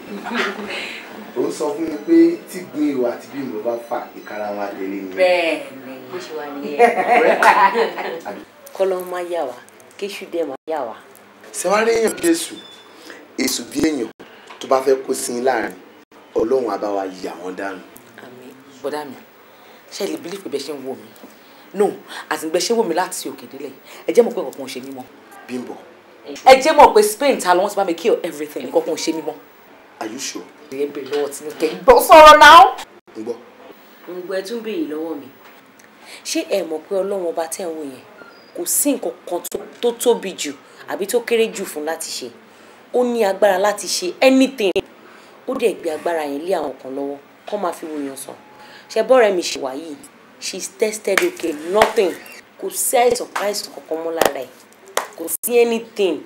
ó sọ fún mi pé tí gbin ìwà àti bí mo bá fà ìkara wọn àdélé ni. bẹ́ẹ̀ni bó ṣe wà nìyẹn. kọ́lọ́ máa yà wá kéṣù dẹ̀ máa yà wá. sẹ́wárí èèyàn bí èṣù èṣù bí èèyàn tó bá fẹ́ kó sí láàrin ọlọ́run á wa yà wọ́n dànù. àmín bọ́dà mi ṣe lè bílífù bẹ́ẹ̀ ṣe ń wò mí no àtìgbẹ́ ṣé wò mí láti òkè délẹ̀ ẹ jẹ́ mọ̀ pé kankan ò ṣe mí mọ́. Bimbo. ẹ jẹ́ mọ̀ pé Spain ta ló wọ́n ti bá mi kill everything kankan ò ṣe mí mọ́. Are you sure? ẹ bèrè lọ́wọ́ tí mo kẹ́ ń bọ́ sọ̀rọ̀ náà. ń gbọ́. ń gbọ́ ẹ tún béèrè lọ́wọ́ mi ṣé ẹ mọ̀ pé ọlọ́run ọba tẹ̀ ń wò yẹn kò sí nǹkan kan tó tóbi jù àbí tó kéré jù fún láti ṣe ó ní agbára láti ṣe anything ó dẹ̀ gbé agbára yẹn lé àwọn kan lọ́wọ́ kó máa fi wòyàn sàn ṣe bọ́ọ̀rẹ́ mi ṣèwà yìí she's tested okay nothing kò sí surprise. àìsàn kankan mọ́ lára ẹ̀ kò sí anything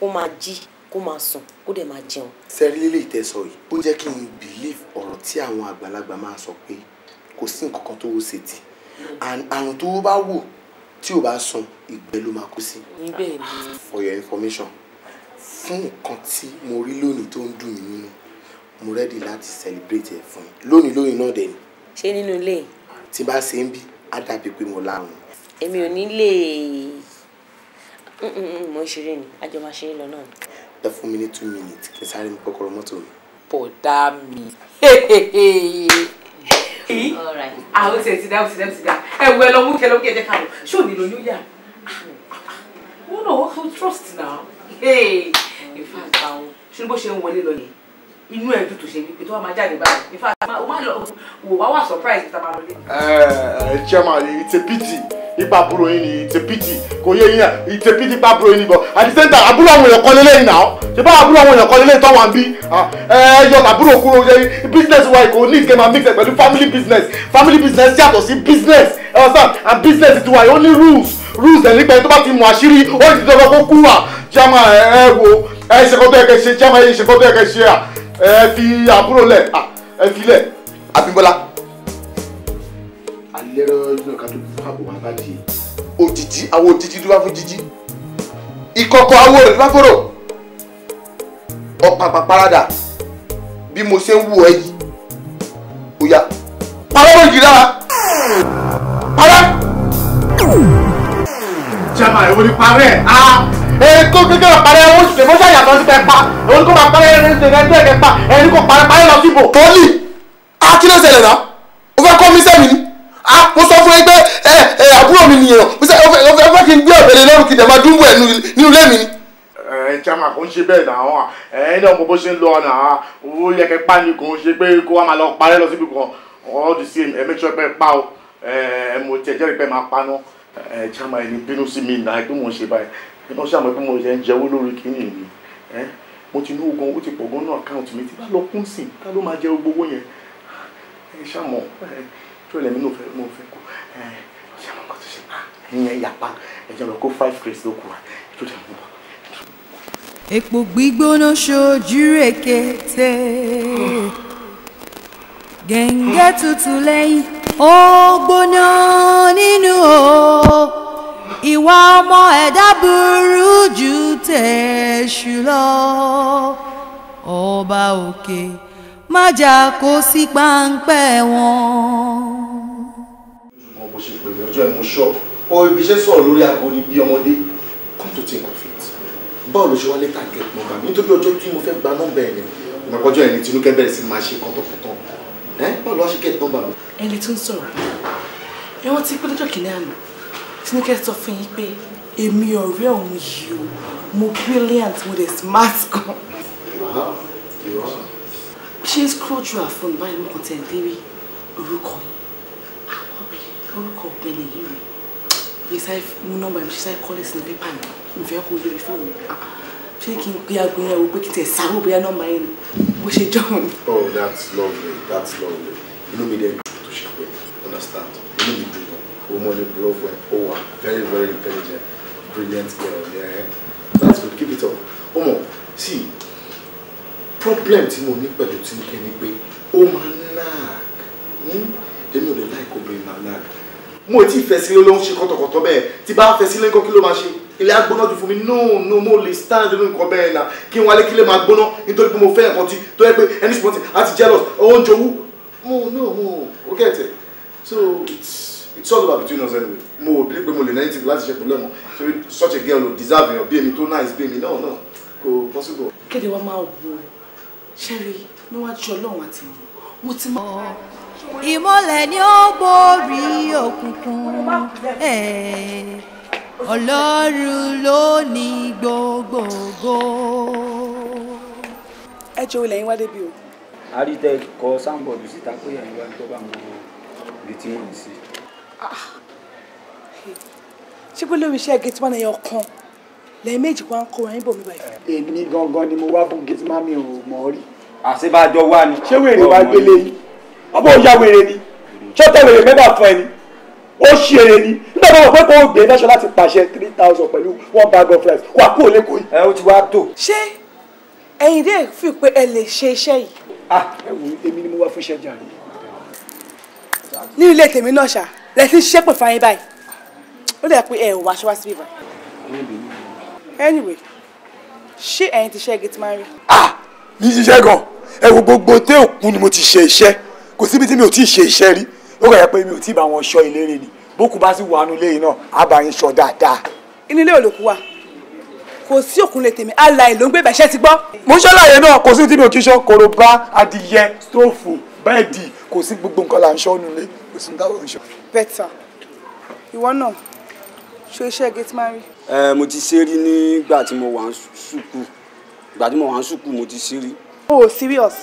kó máa jí kó máa sùn kó dẹ̀ máa jẹun. sẹ́rí lílé ìtẹ́sọ yìí ó jẹ́ kí n believe ọ̀rọ̀ tí àwọn àgbàlagbà máa sọ pé kò sí nǹkan kan tó wó ṣe tì àrùn tó bá wò tí o bá sùn ìgbẹ́ ló máa kú sí. níbẹ̀ ni. for your information fún nǹkan tí mo rí lónìí tó ń dùn mí nínú mo rẹ́dì láti celebrate ẹ̀ fún mi lónìí lónìí náà dẹ̀ ni. ṣé nínú ilé yìí tí bá ṣe ń bí á dàbí pé mo láhùn. èmi ò ní lè mo ń ṣeré ni àjọ máa ṣeré lọ náà ni. fún mi ní two minutes kí n sáré mi kọ́kọ́rọ́ mọ́tò mi. bọ̀dá mi. àwọn tiẹ̀ ti dá àwọn tiẹ̀ ti dá ẹ wọ ẹ lọ mú kẹ lọ mú kẹ jẹ ká lọ ṣé ò ní lóyún yà wọn náà wọn trust now in fact àwọn ṣé bó ṣe ń wọlé lọ yẹn inú ẹ̀ tó ṣe wípé tó wà máa jáde báyìí in fact o máa wò wá wà surprise tá a máa lọ ẹ ẹ chairman it's a pity ipa àbúrò yín ni it's a pity kò yé yín it's a pity àbúrò yín ni bọ at the àbúrò àwọn èèyàn kan lélẹ́yìn náà ṣe bá àbúrò àwọn èèyàn kan lélẹ́yìn tó wà bí ẹ ẹ yọ àbúrò kúrò yẹ business wa kò ní ìkẹ́ mix ẹ̀ pẹ̀lú family business family business yàtọ̀ sí business ẹ wọ́n sàn and business tiwa yóò ní rules rules ẹ̀ nípa ẹ̀ tó bá ti mọ̀ àṣírí ó ti dọ̀dọ̀ kó kú wa chairman ẹ ẹ wo ẹ ṣe kọ́tọ́ ẹ kẹ ṣe chairman ẹ ṣe kọ́tọ́ ẹ kẹ ṣe à ẹ fi àbúrò lẹ̀ ẹ fi lẹ̀ Abímbọ́lá. alẹ́ rẹ yóò ká tó fábò wá bá di. òjijì àwọn òjijì ló wá fún jíjí ìkọ̀kọ̀ awo rẹ̀ ló wá fòrò ọ̀pá pàpàràdà bí mo ṣe ń wò ẹ́ yìí ó yá parọ́ ló yìí dára parẹ́. jama ìwé ni parẹ́ a. Ah! ètò kékeré àpárẹ owó ṣe bó ṣe àyàtọ̀ sípẹ́ pa òun kò máa parẹ́ ẹni ṣe ẹgbẹ́ ẹgbẹ́ pa ẹni kò parẹ́ parẹ́ lọ síbò. tọ́lì akílẹ̀ ṣẹlẹ̀ náà o fẹ́ kọ́ mi sẹ́mi mo sọ fún ẹ pé ẹ ẹ àbúrò mi nìyẹn o fẹ́ fẹ́ kí n gbé ọ̀bẹ̀lẹ̀ lọ́rùn kí n dẹ̀ máa dúnbọ̀ ẹ̀ nínú ilé mi ni ẹ̀ẹ́n jama kò ń ṣe bẹ́ẹ̀ náà ẹ̀ẹ́n náà mo bó ṣe ń lọ ọ̀nà owó yẹkẹ pa ni kò ń ṣe pé kó wá máa lọ parẹ́ lọ síbi kan all the same ẹ̀ make sure pé pa o ẹ̀ẹ́n mo tiẹ̀ jẹ́rìí pé máa paná ẹ̀ẹ́n jama ẹni bínú sí mi náà pé mo ń ṣe báyìí iná sàmọ́ bí mo ṣe ń jẹ́wọ́ lórí kínní mi mo ti ní ogun ó ti pọ̀ gan náà àkáǹtì mi ti bá lọ kún sí ta ló máa jẹ́ gbogbo yẹn ẹ ṣàmọ̀ ẹ tó ẹlẹ́mi náà fẹ́ mo fẹ́ kó ẹ ṣàmọ̀ nǹkan tó ṣe ẹ̀yìn ah, ẹ̀yà pa ẹ̀jẹ̀ lọ kó five crates ló kù tó dẹ̀ mú wa. epo gbígbóná ṣojú rèkété gẹ̀ǹgẹ̀ tutù lẹ́yìn ó gbóná nínú o ìwà ọmọ ẹ̀dá burú jù tẹ̀ṣù lọ ọba òkè má jà kó sí páńpẹ́ wọn. wọn bó ṣe pè mí ọjọ́ ẹ̀ mo ṣọ́ ọ ibi iṣẹ́ sọ̀rọ̀ lórí aago ni bí ọmọdé come to think of it báwo ló ṣe wá lẹ́tà get nọ́mbà nítorí ọjọ́ tí mo fẹ́ gba nọ́mbà ẹ̀ ni ìmọ̀kọ́jọ́ ẹ̀ ni tinúkẹ́ bẹ̀rẹ̀ sí máa ṣe kọ́tọ̀kọ́tọ̀ ẹ̀ báwo ló wá ṣe get nọ́mbà mi. ẹni tó ń sọ̀rọ̀ ẹ wọ́n ti pé lọ́jọ́ kìnìún àná Tinúkẹ́ sọ fún yín pé èmi ọ̀rẹ́ òun yìí o mo brilliant mo dẹ̀ smart gan. ṣé scroll through her phone báyìí mo kàn tẹ̀ dé rí orúkọ yìí orúkọ ọ̀gbẹ́ni yìí rè yìí sáyé mú nọ́mbà mi ṣe sáyé kọ́lé sínú pépà mi mo fẹ́ kó lórí fóònù ah, ṣé kí n pe aago yẹn o pé kí n tẹ̀ sáwó bóyá nọ́mbà yẹn ni bó ṣe jọ̀hún. oh that's lovely that's lovely You know dẹ̀ dùn to ṣe pé understand inú mi dùn Woman, ní burú fún oh, very very intelligent brilliant girl yeah. Eh? that's good keep it up ọmọ see problem tí mo ní pẹ̀lú tí nìkan ni pé ó máa ń nag hmm? èmi ò lè láì kó bẹ́ẹ̀ máa nag mo ti fẹ́ sílé ló ń ṣe kọ́tọ̀kọ́tọ̀ bẹ́ẹ̀ tí bá fẹ́ sílé nǹkan kí ló máa ṣe ilé agbóná ju fún mi no no mo lè stand nínú nǹkan bẹ́ẹ̀ náà kí n wálé kí lè máa gbóná nítorí pé mo fẹ́ nǹkan tí tó yẹ pé any sport àti jealous owó ń jowú mo no mo o get it so it's it's all over between us anyway mo ò bí pé mo lè ní anything láti ṣe pẹ̀lú ẹ̀mọ́ torí such a girl ò deserve èèyàn bí èmi tó nice bí èmi náà náà kò possible. kéde wa máa wo ṣẹ́rí níwájú ọlọ́run àti ìmọ̀ mo ti máa. ìmọ̀lẹ̀ ni ó borí òkùnkùn ọlọ́run ló ní gbogbogbò. ẹ jọ ilẹ̀ yín wá débi o. àrítẹ kọ sáńbọ̀dù síta pé ẹ̀yin wá bá mọ ibi tí wọ́n ń sí ṣé bó lórí iṣẹ́ gẹ́tìmá náà yẹn ọkàn lẹ́ẹ̀mejì wá ń kó wọn níbò mi báyìí. èmi gangan ni mo wá fún gẹ́tìmá mi ò mọ̀ rí. àṣebàjọ wà ní. ṣé wèrè wá gbélé yìí ọmọ òòyà wèrè ni ṣọ́tẹ̀ wèrè mẹ́bà fún ẹni ó ṣe eré ni nígbà tó wọ pé kò gbé náṣọ láti pàṣẹ three thousand pẹ̀lú one bag of rice wà kúrò lẹ́kọ̀ọ́ yìí. ẹ o ti wá tó. ṣé ẹ̀yin dẹ́ fi pé ẹ lè ṣe iṣẹ́ yìí. ah ẹ wo èmi ni mo wá fún iṣẹ́ jà ní ilé tèmi náà ṣáà lẹ́sìn ṣépè fáyín báyìí ó lè pe ẹ̀ wá aṣọ wá síbí báyìí. anyway ṣé ẹ̀yin ti ṣe igi tí máa rí. ah mi ṣiṣẹ́ gan ẹ wo gbogbo tẹ òkun ni mo ti ṣe iṣẹ́ kò síbi tí mi ò tí ì ṣe iṣẹ́ rí ó kàn yẹ pé mi ò tí ì bá wọn ṣọ́ ìlérè ni bókun bá sì wà nù lẹ́yìn náà á bá yín ṣọ́ dáadáa. inú ilé olùkú wa kò sí òkun lè tèmi àlà ìlú ń gbé ìbàṣẹ ti gbọ́. mo ń ṣàlàyé náà kò sí tí mi ò kí ṣọ́ korobá adìyẹ stóòfù bẹ́ẹ̀dì kò sí gbogbo nǹkan là ń ṣọ́ nulẹ̀ kò sí ní táwọn ń ṣọ́ better ìwọ náà ṣe iṣẹ́ gate man rí. ẹ mo ti ṣe rí nígbà tí mo wà ń sùkú ìgbà tí mo wà ń sùkú mo ti ṣe rí. o ò serious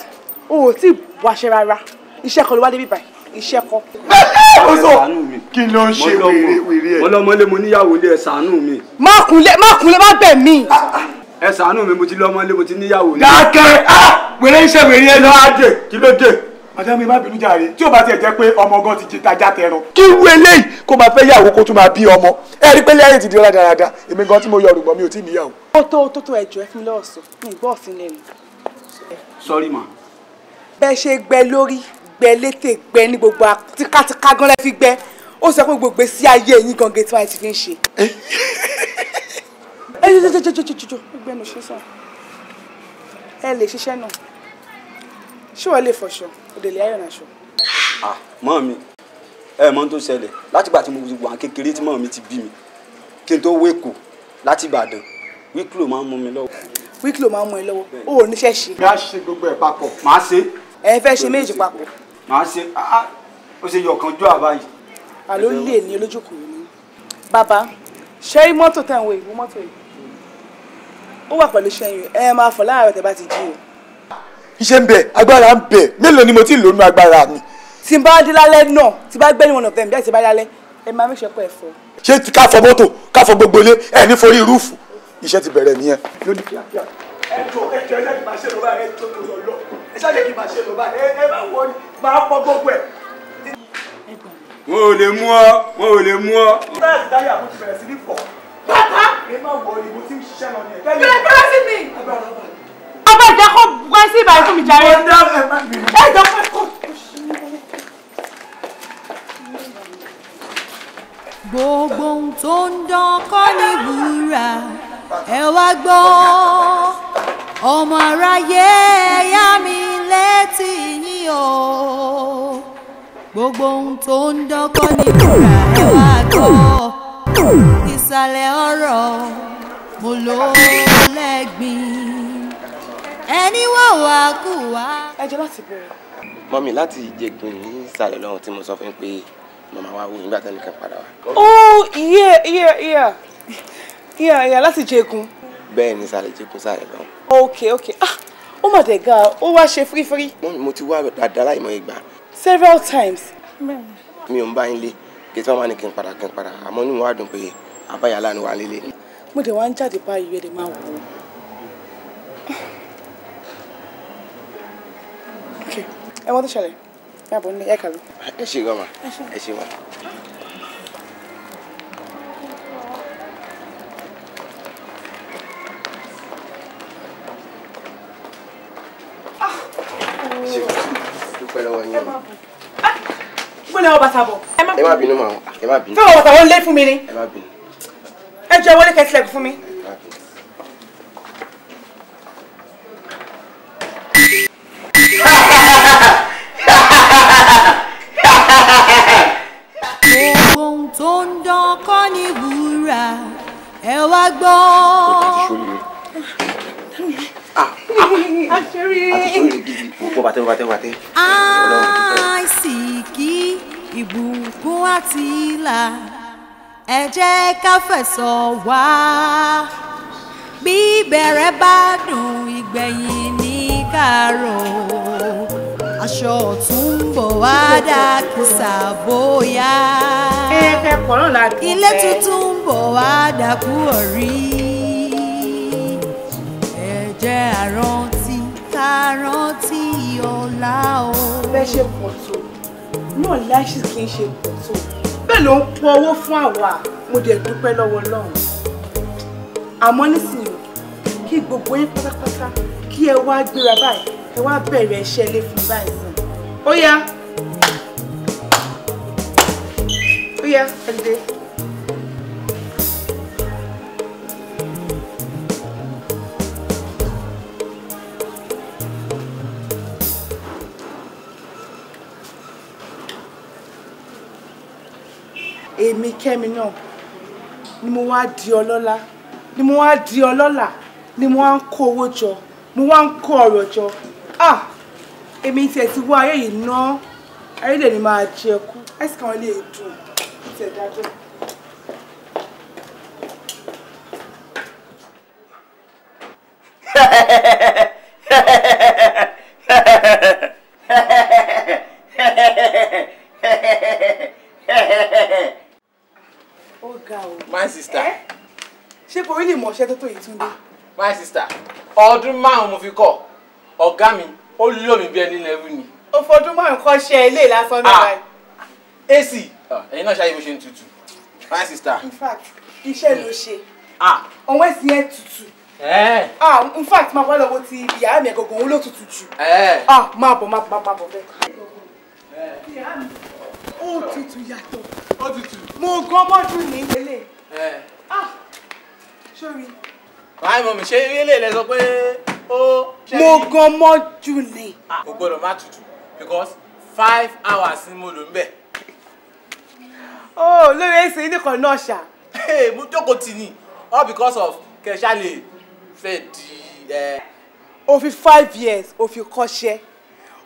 o ò tí ì wáṣẹ rárá iṣẹ́ kan ló wá débi báyìí iṣẹ́ kan. ó sọ kí ló ń ṣe wèrè wèrè ẹ. ọlọmọlé mo níyàwó lé ẹ ṣàánú mi. má kúnlẹ̀ má kúnlẹ̀ má bẹ̀ mí. Ah, ah. ẹ ṣàánú mi mo ti lọ́mọlé mo ti níyàwó lé. dákẹ́ ah, wèrè iṣẹ́ wèrè ẹ lọ́wọ́ àjẹmí má bínú jàre tí o bá tiẹ̀ jẹ́ pé ọmọ gan ti jẹta já tẹran. kí wú eléyìí kó máa fẹ́ yàwó kó tún máa bí ọmọ ẹ rí pé lẹ́yìn ti di ọ̀la dáadáa èmi gan tí mo yọ ọ̀rùngbọ̀n mi ò tí ì níyàwó. ó tó tó tó ẹ̀jọ̀ ẹ fún mi lọ́wọ́ sọ mi ì ọ̀sìn lẹ́nu. sọ́rí mà. bẹ́ẹ̀ ṣe gbẹ lórí gbẹ létè gbẹ ní gbogbo tíkátíká gan lẹ́ fi gbẹ ó sọ pé gbogbo sí ayé yín gan gẹ́tí ṣé wọ́n lè fọṣọ. Òdèlé Ayọ̀nàṣọ. ah mọ́ mi ẹ mọ́ tó ṣẹlẹ̀ látìgbà tí mo ti wà kékeré tí mọ́ mi ti bí mi kí n tó wéko láti Ìbàdàn wíkìlò máa ń mú mi lọ́wọ́. wíkìlò máa ń mú mi lọ́wọ́ o ò níṣẹ́ ṣe. bí a ṣe gbogbo ẹ̀ papọ̀ màá ṣe. ẹ fẹ́ ṣe méjì papọ̀. màá ṣe ah, ah, ó ṣe yọ̀kan jó àbá yìí. àló lè ní olójúkùn yìí ni. bàbá ṣe mọ́tò tẹ̀ ń wo mọ́tò yìí. ó wà pẹ̀lú ṣẹ́yìn ẹ máa fọ̀ láàárọ̀ tẹ́ bá ti jí o iṣẹ́ ń bẹ agbára ń bẹ mélòó ni mo ti lò nínú agbára mi. tí n bá dé lálẹ́ náà tí n bá gbẹ́ ní wọn ọ̀fẹ́ mi bí àti bá lálẹ́ ẹ máa mẹ́sẹ̀ pẹ́ fọ. ṣé ká fọ mọ́tò ká fọ gbogbo ilé ẹ ní forí rúùfù iṣẹ́ ti bẹ̀rẹ̀ nìyẹn. lónìí kíákíá ẹ jọ ẹ jọ ẹ jẹ́ kí n máa ṣe lọ́ba ẹ tó lọ lọ ẹ ṣáà jẹ́ kí n máa ṣe lọ́ba ẹ ẹ máa wọ ni máa pọ gbogbo ẹ. wọn ò lè mú ọ wọn ò lè mú ọ. bẹ́ẹ̀ dáyà mo ti bẹ̀rẹ̀ sí ní pọ̀. pápá. ẹ má wọ ni mo ti ń ṣiṣẹ́ lọ ni ẹ. bẹ̀rẹ̀ bẹ̀rẹ̀ sí mi. agbára ọba bá jẹ́ kó wá sí ìbàdí fún mi jàre. ẹ jọ pé kò. gbogbo tó ń dán ní wúrà ẹ wá ọmọ aráyé yá mi létí yín o gbogbo ohun tó ń dán ní wúrà ẹ wá ìsàlẹ̀ ọ̀rọ̀ mo ló lẹ́gbìn ẹni wà kù wá. ẹ jẹ́ láti bẹ̀rẹ̀. mọ́mí láti jẹ̀gbìn ní ìsàlẹ̀ lọ́hùn tí mo sọ fún pé màmá wa wò nígbà tẹ́lẹ̀ kan padà wá. oh yeah yeah yeah yeah yeah láti jẹ̀gùn. bẹ́ẹ̀ ni ìsàlẹ̀ jẹ̀gùn sàlẹ̀ lọ́hùn. ok ok ah ó mà dẹ̀ ga ó wá ṣe fírífírí. mọ́mí mo ti wá dáadáa láì ìgbà. several times. mi ò ń bá yín lé kìtì wọn máa ní kí n padà kí n padà àmọ́ ní wọn á dùn pé àbáyà aláàánú wa lélẹ̀. mo dẹ̀ wá ń jáde báyìí ẹ̀ dẹ̀ máa wò ó. ẹ wọ́n tó ṣẹlẹ̀ ẹ bọ̀ nílé ẹ kà lọ. ẹ ṣe gan ma ẹ ṣe wa. dúpẹ́ lọ́wọ́ yín o. Ah! mo lè wọ bàtà bọ̀. ẹ má bínú ma ẹ má bínú. fẹ́ wọ bàtà wọn lé fún mi ni. ẹ má bínú. ẹ jẹ́ wọlé kẹsílẹ̀ fún mi. wá gbọ́. Ah, àṣírí ah, àìsíkí ìbùkún àti ìlà ẹ jẹ́ ká fẹ̀sọ̀ wá bí ìbẹ̀rẹ̀ bá dùn ìgbẹ̀yìn ní kàrọ̀ aṣọ ọ̀tún ń bọ̀ wá dà kìsà bóyá ilé tuntun bọ̀ wá dákú ọ̀rí ẹ jẹ́ a rántí ká rántí ọ̀la o. bẹ́ẹ̀ ṣe pọ̀ tó náà láìsí kì í ṣe pọ̀ tó bẹ́ẹ̀ ló ń pọ owó fún àwa mo dẹ̀ dúpẹ́ lọ́wọ́ Ọlọ́run àmọ́ nísìnyí kí gbogbo yín pátápátá kí ẹ wá gbéra báyìí ẹ wá bẹ̀rẹ̀ iṣẹ́ ilé fún báyìí sàn ó yá ó yá ẹ dé. èmi kẹ́mi náà ni mo wá di ọlọ́lá ni mo wá di ọlọ́là ni mo wá ń kó owó jọ mo wá ń kó ọ̀rọ̀ jọ ah èmi tiẹ̀ ti wá ayé yìí ná ayé lè ní máa jẹ kú ẹ̀sìn kan lè dùn tiẹ̀ dájọ́. Hehehehe my sister. ṣé kò rí lè mọ ọṣẹ tó tó yìí túnde. Ah, my sister ọdún márùn-ún mo fi kọ ọ̀gá mi ó lò mí bí ẹni lẹ́rú ni. o fọdún márùn-ún kọ́ ṣe ilé lásán náà ah. báyìí. ac ah, ẹ̀yin náà ṣáyé bó ṣe ń tutù my sister. in fact iṣẹ́ ló ṣe ọ̀wọ́n ẹ̀sìn yẹn tutù. Eh. ah in fact máa bọ́ lọ́wọ́ ti ìyá mi ẹ̀gọ̀gọ̀ òun ló tutù jù. Eh. máa bọ̀ máa bọ̀ máa bọ̀ bẹ́ẹ̀. Eh ó tutù yàtọ̀ ó tutù mo gan bọ́dún ní ilé ah! sórí. báyìí mọ̀ mi ṣe ilé ilẹ̀ sọ pé ó. mo gan mọ́jú ni. o ah, gbọ́dọ̀ má tutù because five hours ni mo lò ń bẹ̀. ó lórí èsì nìkan náà ṣá. mo jókòó tì ní all because of kẹ̀ṣà lè fẹ́ di. o fi five years o fi kọ́ṣẹ́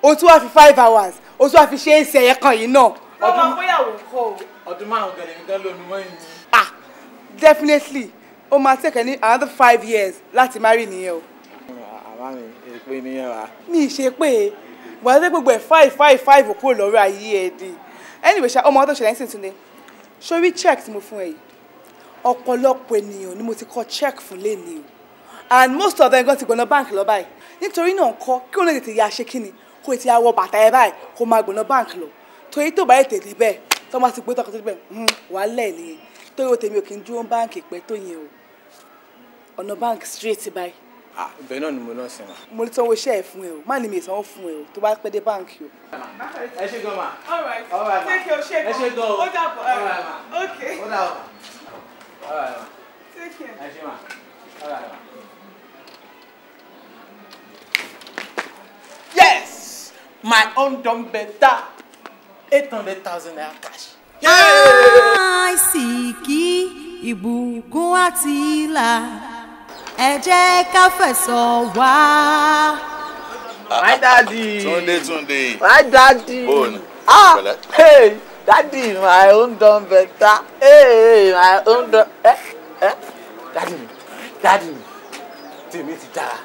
o tún wá fi five hours o tún wá fi ṣe é ṣe ẹ̀yẹ kan yìí náà ọdún fúyàwó kọ o. ọdún márùn gẹlẹ mi gan lónìí wọn yìí. ah definitely ó máa take any another five years láti marry nìyẹn o. àwa mi èpè nìyẹn wa. mi ì ṣe pé wàá dé gbogbo ẹ̀ five five five kúrò lọ́rọ̀ ayé ẹ̀ di anyway ṣá ọmọ ọdún ṣẹlẹ̀ ń sìn tún ni sórí check tí mo fún ẹ yìí ọ̀pọ̀lọpọ̀ ènìyàn ni mo ti kọ check fún lẹ́ni o and most of them gan ti gbọ̀nà báǹkì lọ báyìí nítorí náà ń kọ́ kí wọ́n lè tètè ya ṣe kí ni kó o ti ya wọ bàtà ẹ báyìí kó o máa gbọ̀nà báǹkì lọ torí tó bá yẹ tètè bẹ́ẹ̀ tó máa ti pé tọkọ tó bẹ́ẹ̀ wà á lẹ̀ nìyẹn torí o tèmi ò kì í dúró báǹkì pẹ́ tó yẹn o ọ̀nà báǹkì street, báyìí. ah ibẹ̀ náà ni mo náà sìn wá. mo ti sanwó iṣẹ́ ẹ̀ fún ẹ o má ní mi ìsanwó fún ẹ o tó bá pẹ́ dé báǹkì o. ẹ ṣe gan ma. all right take care ṣe gan ẹ ṣe gan o ó dàbọ̀ ẹ ok ó dàbọ̀ take care ẹ ṣe ma. yes my own done better ìbùkún àti ìlà ẹ jẹ́ ká fẹ̀sọ̀ wá. my daddy. Túndé Túndé. my daddy. bone. ah hey daddy my own don better hey my own don. Eh? Eh? daddy daddy tèmi ti dára.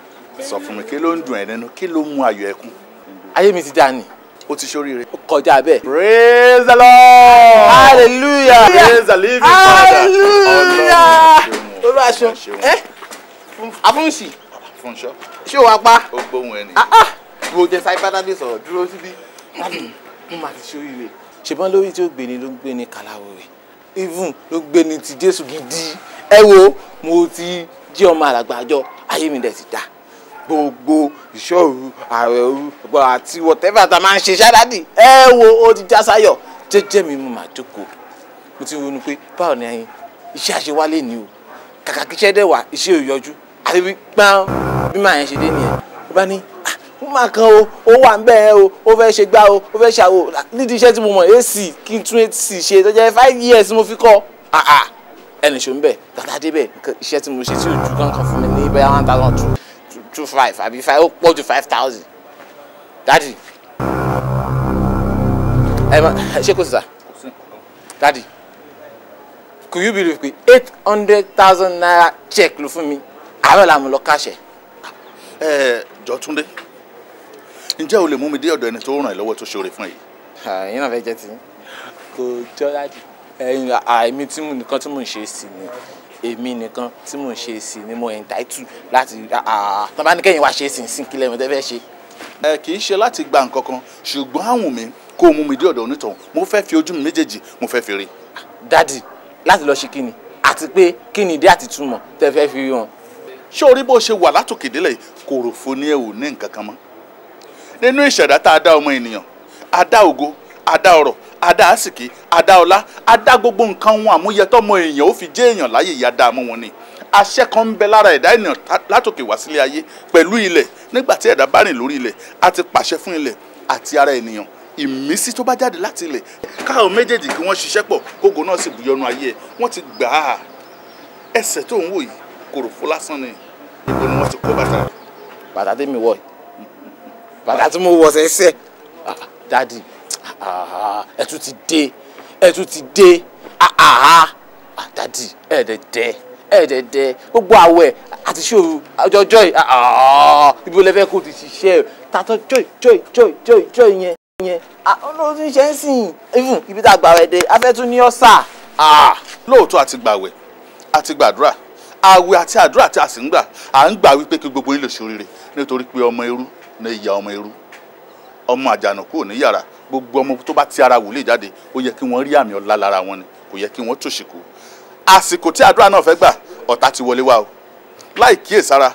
sọ fún mi kí ló ń dùn ẹ́ nínú kí ló mú ayọ̀ ẹ ayé mi ti dáa ni o ti ṣoríire. ó kọjá bẹ́ẹ̀. praise the lord. hallelujah. praise the living father. hallelujah. olú aṣọ ẹ afúnṣì. afúnṣọ. ṣé o wá pa. ó gbóhùn ẹni. Ah, ah. dúró jẹ sáyé pátákì sọ̀rọ̀ dúró síbí. mo máa ti ṣoríire. ṣùgbọ́n lórí tí ó gbé ni ló ń gbé ni kàláwòrè even ló ń gbé ni ti jésù gidi ẹ wo mo ti jí ọmọ àràgbàjọ ayé mi dẹ̀ ti dáa gbogbo ìṣòro ààrẹ òru àti whatever tá a máa ń ṣe ṣáláàdì ẹ wo ó ti já sáyọ̀ jẹ́jẹ́ mi mo máa jókòó mo ti ronú pé báwo ni ẹyin iṣẹ́ àṣewálé ni o kàkà kíṣẹ́ dẹ̀ wà iṣẹ́ ò yọjú àti bí pọ́n bí màá yẹn ṣe dé nìyẹn ó bá ní ó máa kan o ó wà ń bẹ̀ ẹ́ o ó fẹ́ ṣe gbá o ó fẹ́ ṣàwò nídìí iṣẹ́ tí mo mọ̀ ac kí n tún ac ṣe tó jẹ́ five years mo fi kọ́ ẹnì ṣò ń bẹ̀ tàtà débẹ̀ iṣẹ́ tí mo ṣe tí ò ju kankan fún mi ní bẹ́ẹ̀ one thousand two two five àbí five ó pọ̀ ju five thousand Daddy. ẹ ma ṣé kò sí sa dadi could you believe pé eight hundred thousand naira check ló fún mi àárọ̀ làwọn lọ káṣẹ. ẹ Jọtúndé ǹjẹ́ o lè mú mi dé ọ̀dọ̀ ẹni tó ràn ẹ́ lọ́wọ́ tó ṣoore fún yìí. ẹ̀yin náà fẹ́ jẹ́ ti kò jọ́ dájú ẹ̀yin àìmí tí mo nìkan tí mo ń ṣe sí ni èmi nìkan tí mò ń ṣe sí ni mo entitled láti tán bá ní kẹ́yìn wá ṣe sí sí kílẹ̀ mi tẹ́ fẹ́ ṣe. ẹ kì í ṣe láti gba nǹkan kan ṣùgbọ́n àwọn mi kó o mú mi dé ọ̀dọ̀ onítọ̀hún mo fẹ́ fi ojú mi méjèèjì mo fẹ́ fi rí. dádì láti lọ ṣe kí ni àti pé kí ni ìdí àti túmọ̀ tẹ́ fẹ́ fi hàn. ṣé o rí bó ṣe wà látòkè délẹ̀ kòròfo ni ẹ ò ní nǹkan kan mọ́ nínú ìṣẹ̀dá tá a dá ọmọ ènìyàn a dá ògo a dá ọrọ̀ adá àsìkí adá ọlá adá gbogbo nǹkan ohun àmúyẹ tọmọ èèyàn ó fi jẹ́ èèyàn láyè ìyá dààmú wọn ni àṣẹ kan ń bẹ lára ẹ̀dá ènìyàn látòkè wá sílé ayé pẹ̀lú ilẹ̀ nígbà tí ẹ̀dá bá rìn lórí ilẹ̀ a ti pàṣẹ fún ilẹ̀ àti ara ènìyàn ìmísí tó bá jáde láti ilẹ̀ káwọn méjèèjì kí wọ́n ṣiṣẹ́ pọ̀ kógo náà sì bùyọnu ayé ẹ̀ wọ́n ti gbà á ẹsẹ̀ tó ń wò yìí kòròfó lásán ni ibo ni wọ́n ti kó bàtà. bàtà tèmi wọ̀ bàtà tí mo wọ̀ sẹ́sẹ́ dádì ẹ tún ti dé ẹ tún ti dé ah, ah, dadi ẹ dẹ dẹ ẹ dẹ dẹ gbogbo àwẹ̀ àti ṣòro ọjọjọ yìí ah, ibi olè fẹ kó ti ṣiṣẹ́ tatọ joy joy joy joy joy yẹn yẹn olóòtú tún ṣe ń sìn even ibi tá a gbà wẹ̀ dé afẹ́tún ní ọ̀sà. lóòótọ́ àti gbàwẹ̀ àti gbàdúrà àwẹ̀ àti àdúrà tí a sì ń gbà à ń gbà wípé kí gbogbo yín lè ṣoríire nítorí pé ọmọ ẹrú ní ìyá ọmọ ẹrú ọmọ àjànàkú ò ní yàrá gbogbo ọmọ tó bá ti ara wòlíì jáde ó yẹ kí wọ́n rí àmì ọlá lára wọn ni kò yẹ kí wọ́n tòṣìkò àsìkò tí àdúrà náà fẹ́ gbà ọ̀tá ti wọlé wá o láì kíyèsára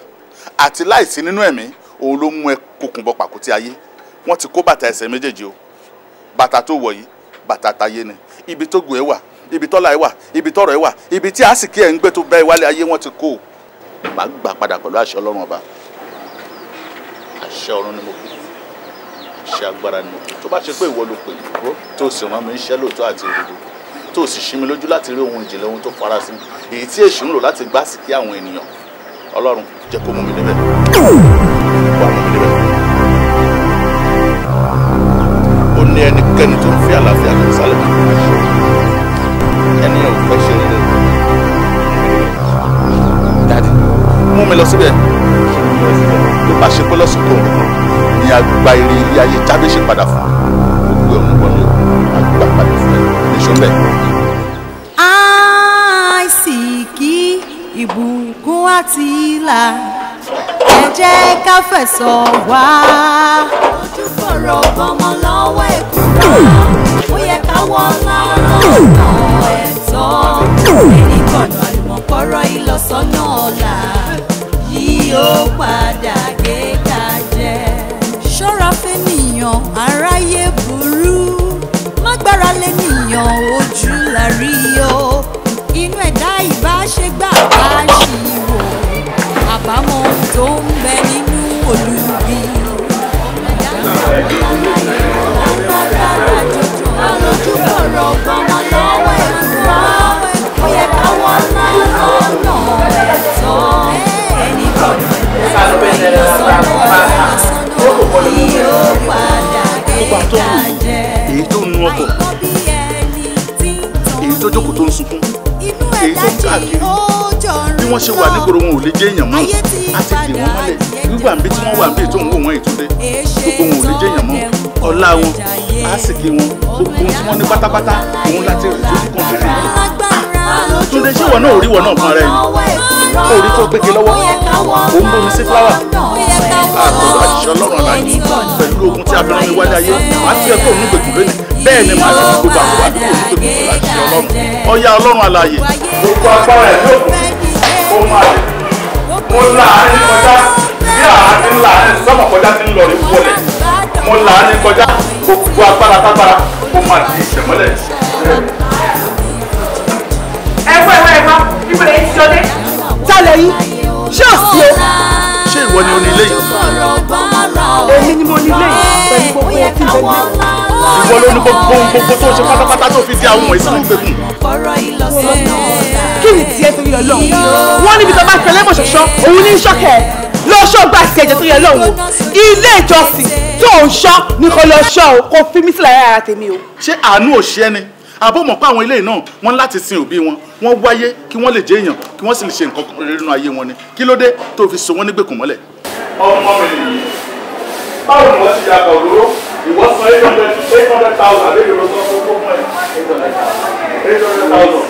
àti láì sí nínú ẹ̀mí òun ló mú ẹ kokùn bọ pàkúté ayé wọ́n ti kó bàtà ẹsẹ̀ méjèèjì o bàtà tó wọ̀ yìí bàtà tayé ni ibi tó gùn ẹ wà ibi tọ́lá ẹ wà ibi tọ́rọ̀ ẹ wà ibi tí àsìkí ẹ ń gbé tó bẹ́ ìwálé ayé wọ́n ti kó o màá gbà padà pẹ̀lú àṣẹ ọlọ́run ọba àṣẹ ọ̀run ni mo kú ṣe agbára nù tó bá ṣe pé ìwọ ló pè é tó sì rán mi iṣẹ́ lóòótọ́ àti òdodo tó sì ṣí mi lójú láti rí ohun ìjìnlẹ̀ ohun tó fara sí èyí tí èṣù ń lò láti gbá sí kí àwọn ènìyàn ọlọ́run jẹ́ kó mú mi débẹ̀ wá mú mi débẹ̀. ó ní ẹnikẹ́ni tó ń fi àlàáfíà lọ sálẹ̀ ẹni ò fẹ́ ṣe rere mú mi lọ síbẹ̀ ló bá ṣe pé lọ́sùn tó ń bọ̀ ni agba eré ilé ayé jábéṣe padà fún gbogbo ọ̀hún wọnú agba padà fún ẹ níṣó bẹ́ẹ̀. àìsíkí ìbùkún àti ìlà ẹ jẹ́ ká fẹ̀sọ̀ wá. ojú fọ̀rọ̀ bọ́mọ lọ́wọ́ èkúrọ́ ó yẹ ká wọ́n lárọ́ ẹ̀tọ́ ẹnì kọ̀ọ̀nà àlùmọ̀kọ́rọ́ ìlọsọ́nà ọ̀la yìí ó padà. ènìyàn aráyé burú mágbára lẹ́nìyàn ojú la rí o inú ẹ̀dá ìbáṣegbà bá ṣìwò àbámọ̀ tó ń bẹ nínú olùbí. lè jẹ́ èèyàn mọ́ a ti dè wọ́n mọ́lẹ̀ wíwà ń bí tí wọ́n wà ń bí ètò òun wò wọ́n ìtúndé gbogbo wọn ò lè jẹ́ èèyàn mọ́ ọlá wọn àsìkè wọn gbogbo ohun tí wọ́n ní pátápátá òun láti rìn lórí kọ́ńtínì yìí túndé ṣé ìwọ náà ò rí ìwọ náà fún ara yìí ó rí tó gbége lọ́wọ́ òun bomi sí fúláwà àtọ́lọ́ àṣìṣe ọlọ́run àlàyé pẹ̀lú ogun tí abẹ́rẹ́ mi wáyé ayé màá fi ẹ̀kọ́ òun gbèkùn lónìí bẹ́ẹ̀ ni màá fi gbogbo àwọn àdúgbò òun gbèkùn lónìí àṣìṣe ọlọ́run ọ̀yá ọlọ́run àlàyé gbogbo agbára ẹ̀ lókun ó máa lè mo láàrin kọjá bí àárín láàrin sọ́mọ̀ kọjá ti ń lọ rí wọlé mo láàrin kọjá gbogbo agbára tágbára kó má di ìṣẹ̀mọ́lẹ̀. ẹ̀fọ́ ẹ̀fọ́ ẹ̀fọ́ ìbẹ̀rẹ̀ yìí ti jọdé. jálẹ̀ yìí ṣé ò sí o. ṣé ìwọ ni o yìí. èmi ni mo ní yìí pẹ̀lú gbogbo ẹtí ìbẹ̀lẹ̀. ìwọ ló ní gbogbo gbogbo tó ṣe pátápátá tó fi di àwọn ìsìnkú gbẹ̀kùn kí ni tiẹ̀ torí ọlọ́run wọ́n níbi tó bá tẹ̀lé mọ̀ ṣọ̀ṣọ́ òun ní ṣọ́kẹ̀ lọ gba ti ẹ̀jẹ̀ torí ọlọ́run ilé ìjọsìn tó ń ṣọ́ ní kò lọ ṣọ́ o kò fi mí sílẹ̀ rárá tèmi o. ṣé àánú ò ṣe ẹni àbọ̀ mọ̀ pé àwọn ilé náà wọ́n láti sin òbí wọn wọ́n wáyé kí wọ́n lè jẹ́ èèyàn kí wọ́n sì lè ṣe nǹkan nínú ayé wọn ni kí ló dé tó fi so wọ́n nígbèkùn eight hundred eight hundred thousand eight hundred thousand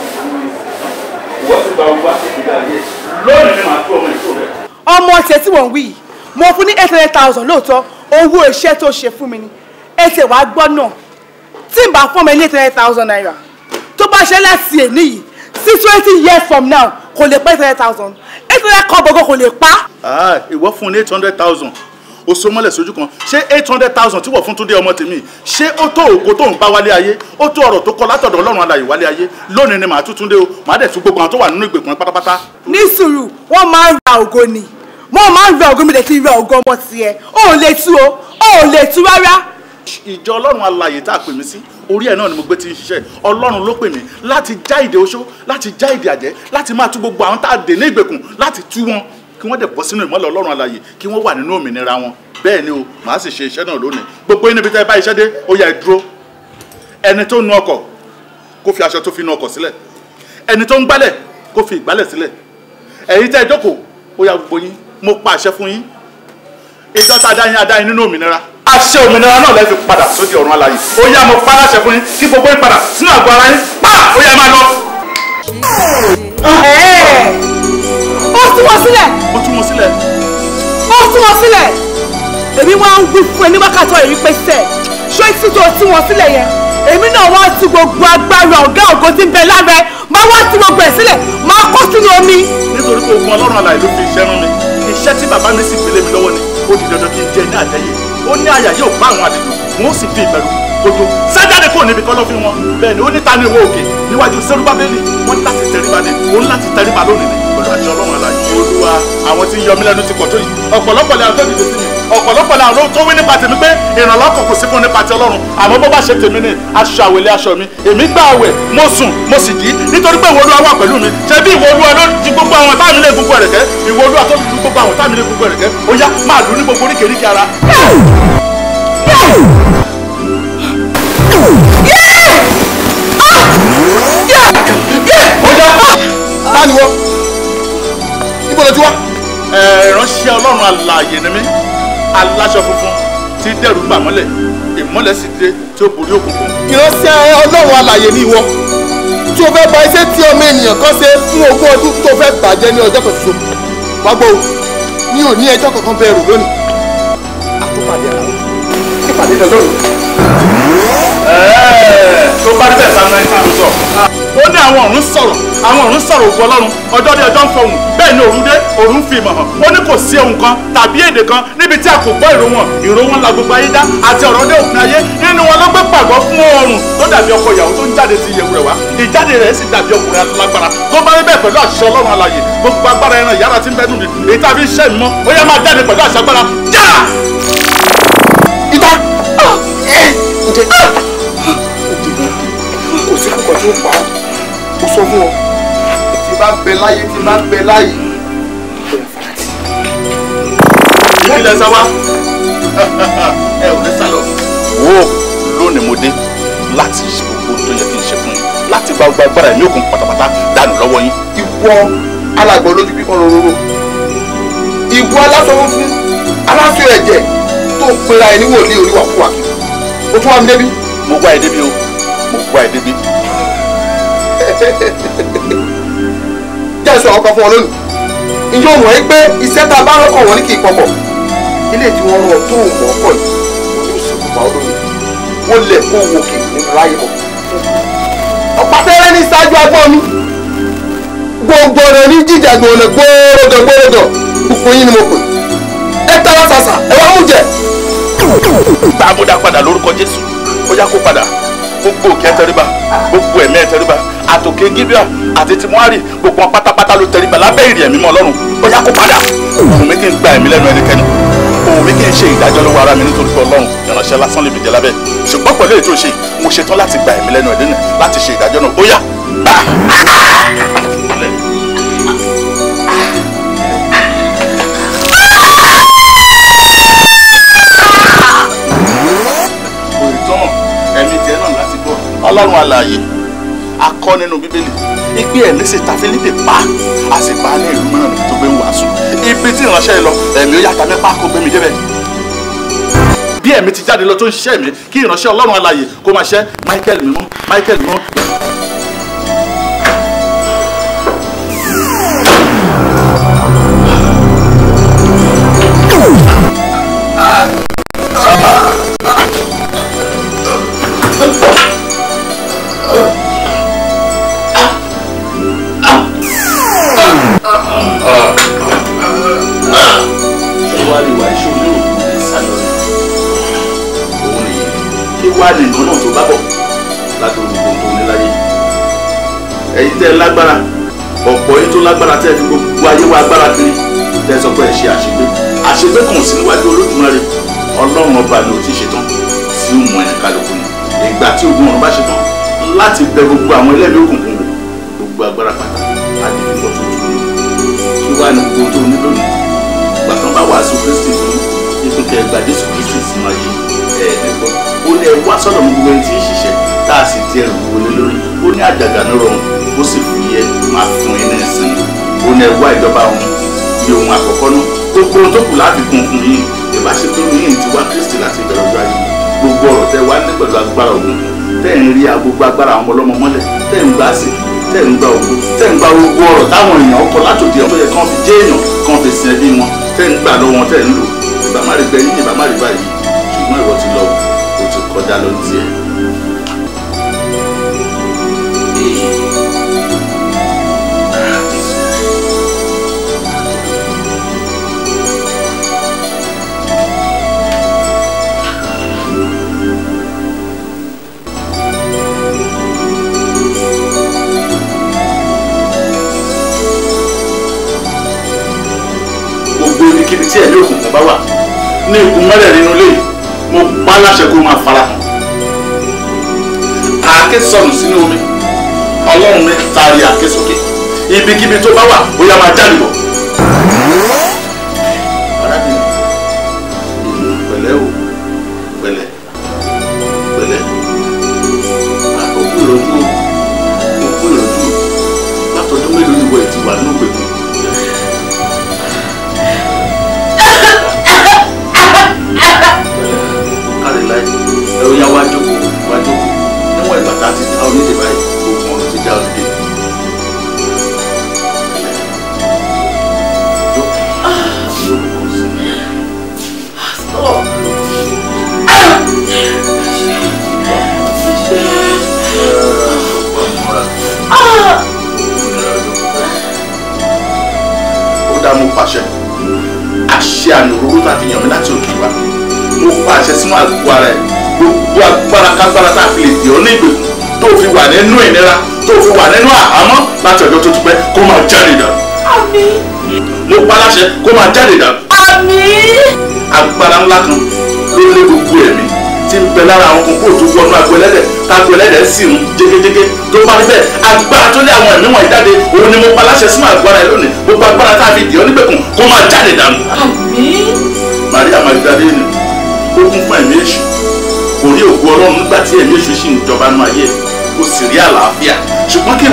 ọmọ ọ̀sẹ̀ tí wọ́n ń wí yìí mo fún ní eight hundred thousand lóòótọ́ owó iṣẹ́ tó ṣe fún mi ni ẹsẹ̀ wàá gbọ́ náà tí n bá fún mi ní eight hundred thousand naira tó bá ṣe láti èní yìí sí twenty years from now kò lè pẹ́ eight hundred thousand eight hundred kọ́ gbogbo kò lè pa. Ah, ìwọ fún ní eight hundred thousand o so mọ́lẹ̀ sójú kan ṣé eight hundred thousand tí wọ́n fún túndé ọmọ tèmi ṣé ó tó ògo tó ń bá wálé ayé ó tó ọ̀rọ̀ tó kọ látọ̀dọ̀ ọlọ́run alàyè wálé ayé lónìí ni màá tún túndé o màá dẹ̀ tún gbogbo àwọn tó wà nínú ìgbèkùn pátápátá. ní sùúrù wọn máa ń ra ògo ni wọn máa ń ra ògo mi lè ti ra ògo ọmọ tiẹ̀ ó lè tú o ó lè tú rárá ìjọ ọlọ́run alààyè tá a pè mí sí orí ẹ̀ náà ni mo gbé ti ń ṣiṣẹ́ ọlọ́run ló pè mí láti já ìdè oṣó láti já ìdè àjẹ́ láti máa tú gbogbo àwọn tá a dè ní ìgbèkùn láti tú wọn kí wọ́n dẹ̀ bọ́ sínú ìmọ́lẹ̀ ọlọ́run alààyè kí wọ́n wà nínú òmìnira wọn bẹ́ẹ̀ ni o màá sì ṣe iṣẹ́ náà lónìí gbogbo yín níbi tẹ́ ẹ bá iṣẹ́ dé ó yá dúró ẹni tó nu ọkọ̀ kó fi aṣọ tó fi nu ọkọ̀ sílẹ̀ ẹni tó ń gbálẹ̀ kó fi ìgbálẹ̀ sílẹ̀ ẹ̀yin tẹ́ ẹ jókòó ó yá gbogbo yín mo pa àṣẹ fún yín ìjọ tá a dá yín a dá yín nínú òmìnira àṣẹ òmìnira náà lè padà sóde ọ̀run alààyè ó yá mo pa láṣẹ fún yín kí gbogbo yín padà sínú àgọ́ ara yín pa ó yá máa lọ ó tú wọn sílẹ̀. ó tú wọn sílẹ̀. ó tú wọn sílẹ̀. èmi wá ń wí fún ẹ ní wákàtí ọ̀rẹ́ yìí pé sẹ́ ṣé tí tó tú wọn sílẹ̀ yẹn èmi náà wá tú gbogbo agbára ọ̀gá ògo tí ń bẹ lára ẹ máa wá tú gbogbo ẹ̀ sílẹ̀ máa kó sínú omi. nítorí pé òkun ọlọ́run àlàyé ló fi iṣẹ́ rán mi iṣẹ́ tí bàbá mi sì fi lé mi lọ́wọ́ ni ó di dandan kí n jẹ ní àtẹ̀yẹ ó ní àyà yóò bá àwọn àlejò wọn ó sì fi ìbẹ̀rù gbogbo sájáde kò níbi kọ́lọ́ fi wọn bẹ́ẹ̀ ni ó níta ní ìwọ òkè níwájú sẹ́rúbábẹ́lì wọ́n láti tẹríba ni òun láti tẹríba lónìí ni pẹ̀lú àti ọlọ́run àlàyé olúwa àwọn tí ń yọ mí lẹ́nu ti pọ̀ tó yìí ọ̀pọ̀lọpọ̀ lè àtọ́ dìde sí mi ọ̀pọ̀lọpọ̀ lè àwọn tó wí nípa tèmi pé ìrànlọ́kọ̀ kò sí fún nípa ti ọlọ́run àmọ́ bó bá ṣe tèmi ni aṣọ àwẹ̀lẹ̀ aṣọ mi èmi gbà àwẹ̀ mo sùn mo sì jí nítorí pé ìwọ olúwa wà pẹ̀lú mi ṣe bí ìwọ olúwa ló di gbogbo àwọn tá mi lé gbogbo ẹ̀rẹ̀kẹ́ ìwọ olúwa tó di gbogbo àwọn tá mi lé gbogbo ẹ̀rẹ̀kẹ́ ó yá máa lù ní gbogbo oríkèéríkè ara. ó yá tániwọ́ gbọ́dọ̀ tí wá. ẹ̀ránṣẹ́ ọlọ́run alààyè ni mí aláṣọ funfun tí dẹ́rù gbà mọ́lẹ̀ ìmọ́lẹ̀ sì dé tí ó borí òkùnkùn. ìránṣẹ́ ọlọ́run alààyè ni ìwọ tí o fẹ́ bà iṣẹ́ tí ọmọ ènìyàn kan ṣe fún ogún ọdún tó fẹ́ bàjẹ́ ní ọjọ́ kan ṣoṣo wá gbọ́ o ní òní ẹjọ́ kankan bẹ̀rù lónìí àtúpalẹ̀ àwọn ìpàdé rẹ̀ lónìí. tó bá dé bẹ́ẹ̀ sáná ìtàn sọ. ó ní àwọn ọ̀run sọ̀rọ̀ àwọn ọ̀run sọ̀rọ̀ ògùn ọlọ́run ọjọ́ dé ọjọ́ ń fọhùn bẹ́ẹ̀ ni òru dé òru fi ìmọ̀ hàn ó ní kò sí ohun kan tàbí èdè kan níbi tí a kò gbọ́ ìró wọn la gbogbo ayé dá àti ọ̀rọ̀ dé òpin ayé nínú wọn ló gbé pàgọ́ fún oorun tó dàbí ọkọ ìyàwó tó ń jáde sí iyẹ̀wù rẹ̀ wá ìjáde rẹ̀ sì dàbí ọkùnrin alágbára tó bá pẹ̀lú àṣẹ ọlọ́run alààyè gbogbo agbára ẹran ìyára ti ń bẹ́nu mi èyí tàbí iṣẹ́ mi ó yẹ máa jáde pẹ̀lú àṣẹ ó sọ fún ọ bá bẹ láyé tí bá bẹ láyé. ìpínlẹ̀ sáwá ẹ ò ní sálọ. wo lónìí mo dé láti ṣe tó yẹ kí n ṣe fún yín láti gba gbogbo agbára ẹ̀mí òkun pátápátá dànù lọ́wọ́ yín. ìwọ alàgbọ̀ lójú bí ọ̀rọ̀ roro ìwọ aláṣọ funfun aláṣọ ẹ̀jẹ̀ tó pera ẹni wòlíì orí wàkúwà o tún wà mí débi. mo gbá ẹ débi o mo gbá ẹ débi. jẹ́sùn àwọn kan fún wọn lónìí ìjọ mọ̀ ẹ́ pé iṣẹ́ tá a bá rọ́kọ̀ wọn ní kì í pọ̀pọ̀ ilé tí wọ́n rọ tó wọ̀ ọkọ̀ yìí wọ́n lẹ̀ kó wo kì í nínú ráyè mọ́. ọ̀pá ní ṣáájú agbọ́n mi gbogbo rẹ̀ ní jíjà gbòòrò gbòòrò gbòòrò gbogbo yín ni mo pè ẹ tara ṣàṣà ẹ wá mú jẹ. tá a mú dá padà lórúkọ Jésù ó yá kó padà gbogbo òkè ẹ tẹríba gbogbo ẹ̀mí ẹ tẹríba àtòkè gibeon àti timuari gbogbo wọn pátápátá ló tẹríba lábẹ́ ìrìn ẹ̀mí mọ́ ọlọ́run ó yá kó padà òun mi kì í gba ẹ̀mí lẹ́nu ẹnikẹ́ni òun mi kì í ṣe ìdájọ́ lọ́wọ́ ara mi nítorí pé ọlọ́run ìránṣẹ́ lásán lè mi jẹ lábẹ́ ṣùgbọ́n pẹ̀lú ètò ìṣe mo ṣetán láti gba ẹ̀mí lẹ́nu ẹ̀dínà láti ṣe ìdájọ́ náà ó yá bá a. ọlọ́run alààyè akọ́ nínú bíbélì igbe ẹ̀ léṣe ta Fílípì pa a sì pa á ní ìlú mìíràn tó gbé ń wàásù ibi tí ìránṣẹ́ lọ ẹ̀mí ó yàtá mẹ́pà kó gbé mi débẹ̀ bí ẹ̀mí ti jáde lọ tó ń ṣiṣẹ́ mi kí ìránṣẹ́ Ọlọ́run alààyè kó máa ṣẹ́ Michael mímọ́ Michael mímọ́ lágbára tẹ́ ẹ fi gbogbo ayé wa agbára kiri tẹ́ ẹ sọ pé ẹ ṣe àṣegbé àṣegbé kàn sí níwájú olódùmarè ọlọ́run ọba ni ò ti ṣetán tí ó mọ ẹ̀kálukú ni ìgbà tí ogun ọ̀run bá ṣetán láti bẹ gbogbo àwọn ẹlẹ́mìí òkùnkùn rẹ̀ gbogbo agbára pátá àti ìfọ̀ tó dúró kí wàá ní gbogbo tó ní lónìí ìgbà kan bá wàásù kristi fún ibi kẹ gba jésù kristi sí máa yé ẹ̀ẹ́dẹ́gbọ́ ó ní ẹ wá sọ́dọ̀ mú gbogbo ẹni tí ì ṣiṣẹ́ tá a sì di ẹrù gbogbo lé lórí ó ní àjàgà ní rọrùn ó sì f yẹ máa fún yín náà sàn ó ní ẹwà ìjọba òun ní ohun àkọ́kọ́ náà gbogbo ohun tó kù láti kún fún yín ìbá ṣe pé yín ti wá Kristi láti ìbẹ̀rẹ̀ ọjọ́ ayé gbogbo ọ̀rọ̀ tẹ wá ní pẹ̀lú agbára òun tẹ̀ ń rí agbogbo agbára àwọn ọlọ́mọ mọ́lẹ̀ tẹ̀ ń gbà sí tẹ̀ ń gba ògo tẹ̀ ń gba gbogbo ọ̀rọ̀ táwọn èèyàn ọkọ̀ látòdì ọ̀tọ̀ yẹ kán fi jẹ́ èèyàn kán fi sin ẹbí wọn tẹ̀ ń gbà lọ́wọ́ tẹ̀ ń lò ìbámárì gbẹ̀yìn ìbámárì báyìí ṣùgbọ́n ìwọ ti lọ o ti kọjá lọ tiẹ̀ níbikíbi tí ẹ̀mí òkùnkùn bá wà ní ikùn mẹ́rẹ̀ẹ̀rin inú ilé mo pa láṣẹ kó máa fara hàn àáké sọnù sínú omi ọlọ́run mi taari àáké sókè ibikíbi tó bá wà ó máa jáde bọ̀. dáadáa mo pàṣẹ àṣẹ àmì òróró tá a fi yàn mí láti òkè wa mo pàṣẹ sínú àgbo ara ẹ gbogbo agbára kágbára tá a fi lè dè ọ́ ní ìgbèkùn tó fi wà nínú ìnira tó fi wà nínú àhámọ́ láti ọjọ́ tó ti pẹ́ kó máa jáde dà. àmín. mo pa láṣẹ kó máa jáde dà. àmín. agbára ńlá kan ló lé gbogbo ẹ̀mí ti ń bẹ lára àwọn kókó tó wọnú agbo ẹlẹ́dẹ̀ tagbo ẹlẹ́dẹ̀ sì ń jégéjégé tó bá níbẹ̀ agbára tó lé àwọn ẹ̀mí wọn jáde òun ni mo pa láṣẹ sínú àgọ́ ẹ lónìí gbogbo agbára tá a fi dì ọ́ kó máa jáde dànù. àmín. Maria Magdalene ó kún fún ẹ̀mí èṣù kò rí òkú ọlọ́run nígbà tí ẹ̀mí èṣù sì ń jọba nú ayé kò sì rí àlàáfíà ṣùgbọ́n kí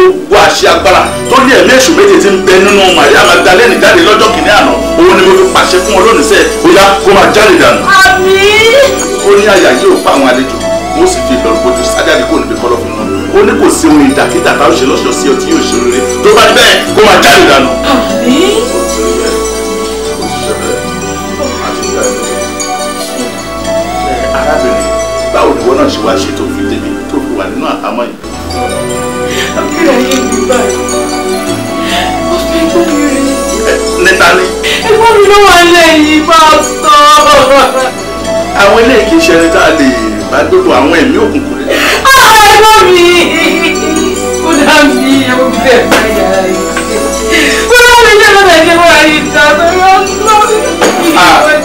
gbogbo àṣẹ agbára tó ní ẹ̀mí èṣù méje ti ń bẹ nínú Màríà Magdalene jáde lọ́jọ́ kìnìún àná òun ni mo fi pàṣẹ fún wọn lónìí sẹ́ ó yá kó máa jáde dànù. àmín. ó ní àyà yóò pa àwọn àlejò mo sì fi ìbẹ̀rù bojú sájáde kó níbi kọ́lọ́ fún wọn ó ní kò sí ohun ìdàkídà tá a ṣe lọ́sọ̀ọ́ sí ọ tí yóò ṣe rere tó bá bẹ́ẹ̀ kó máa jáde dànù. àmín. arábìnrin báwo ni wọn náà ṣe did I hate you back? I do you? Àwọn eléyìí kì í ṣe tá a lè bá gbogbo àwọn ẹ̀mí òkùnkùn rẹ̀. Ah, ẹ̀gbọ́n mi kò mi ẹ̀wọ̀n mi bẹ́ẹ̀ bá yàrá yìí. Kó lọ́dọ̀ ẹ̀jẹ̀ wá ìta lórí ọ̀dọ́ mi. Ọ̀dọ́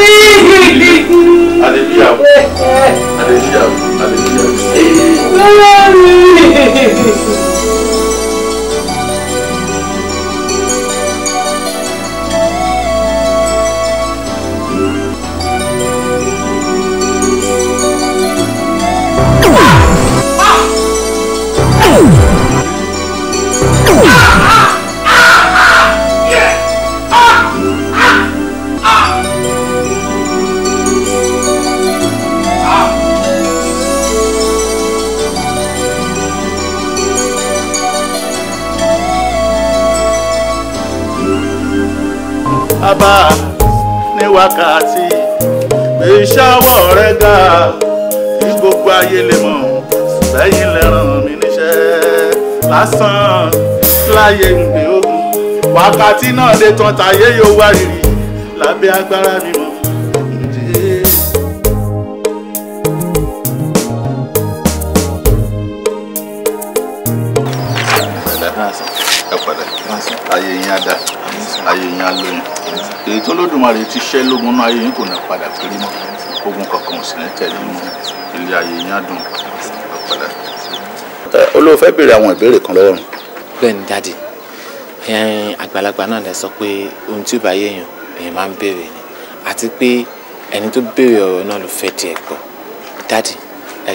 mi. Ọ̀dọ́ mi. 啊！bá ní wákàtí pé iṣẹ́ ọwọ́ rẹ ga kí gbogbo ayé lè mọ̀ sẹ́yìn lè ràn mí níṣẹ́ lásán láyé ń ogun wákàtí náà lè tán tàyé yóò wá rírì lábẹ́ agbára mi Olódùmarè ti ṣẹ́ lógun náà ayé yín kò ní padà kiri mọ́ ogun kankan ò sì ní tẹ̀lé mọ́ ilé ayé yín á dùn padà. olówó fẹ́ àwọn ìbéèrè kan lọ́wọ́ mi. ni dáàdi àgbàlagbà náà lè sọ pé ohun tí ò bá yéèyàn èèyàn máa ń béèrè ni àti pé ẹni tó béèrè ọ̀rọ̀ náà ló fẹ́ di ẹ̀ dáàdi ẹ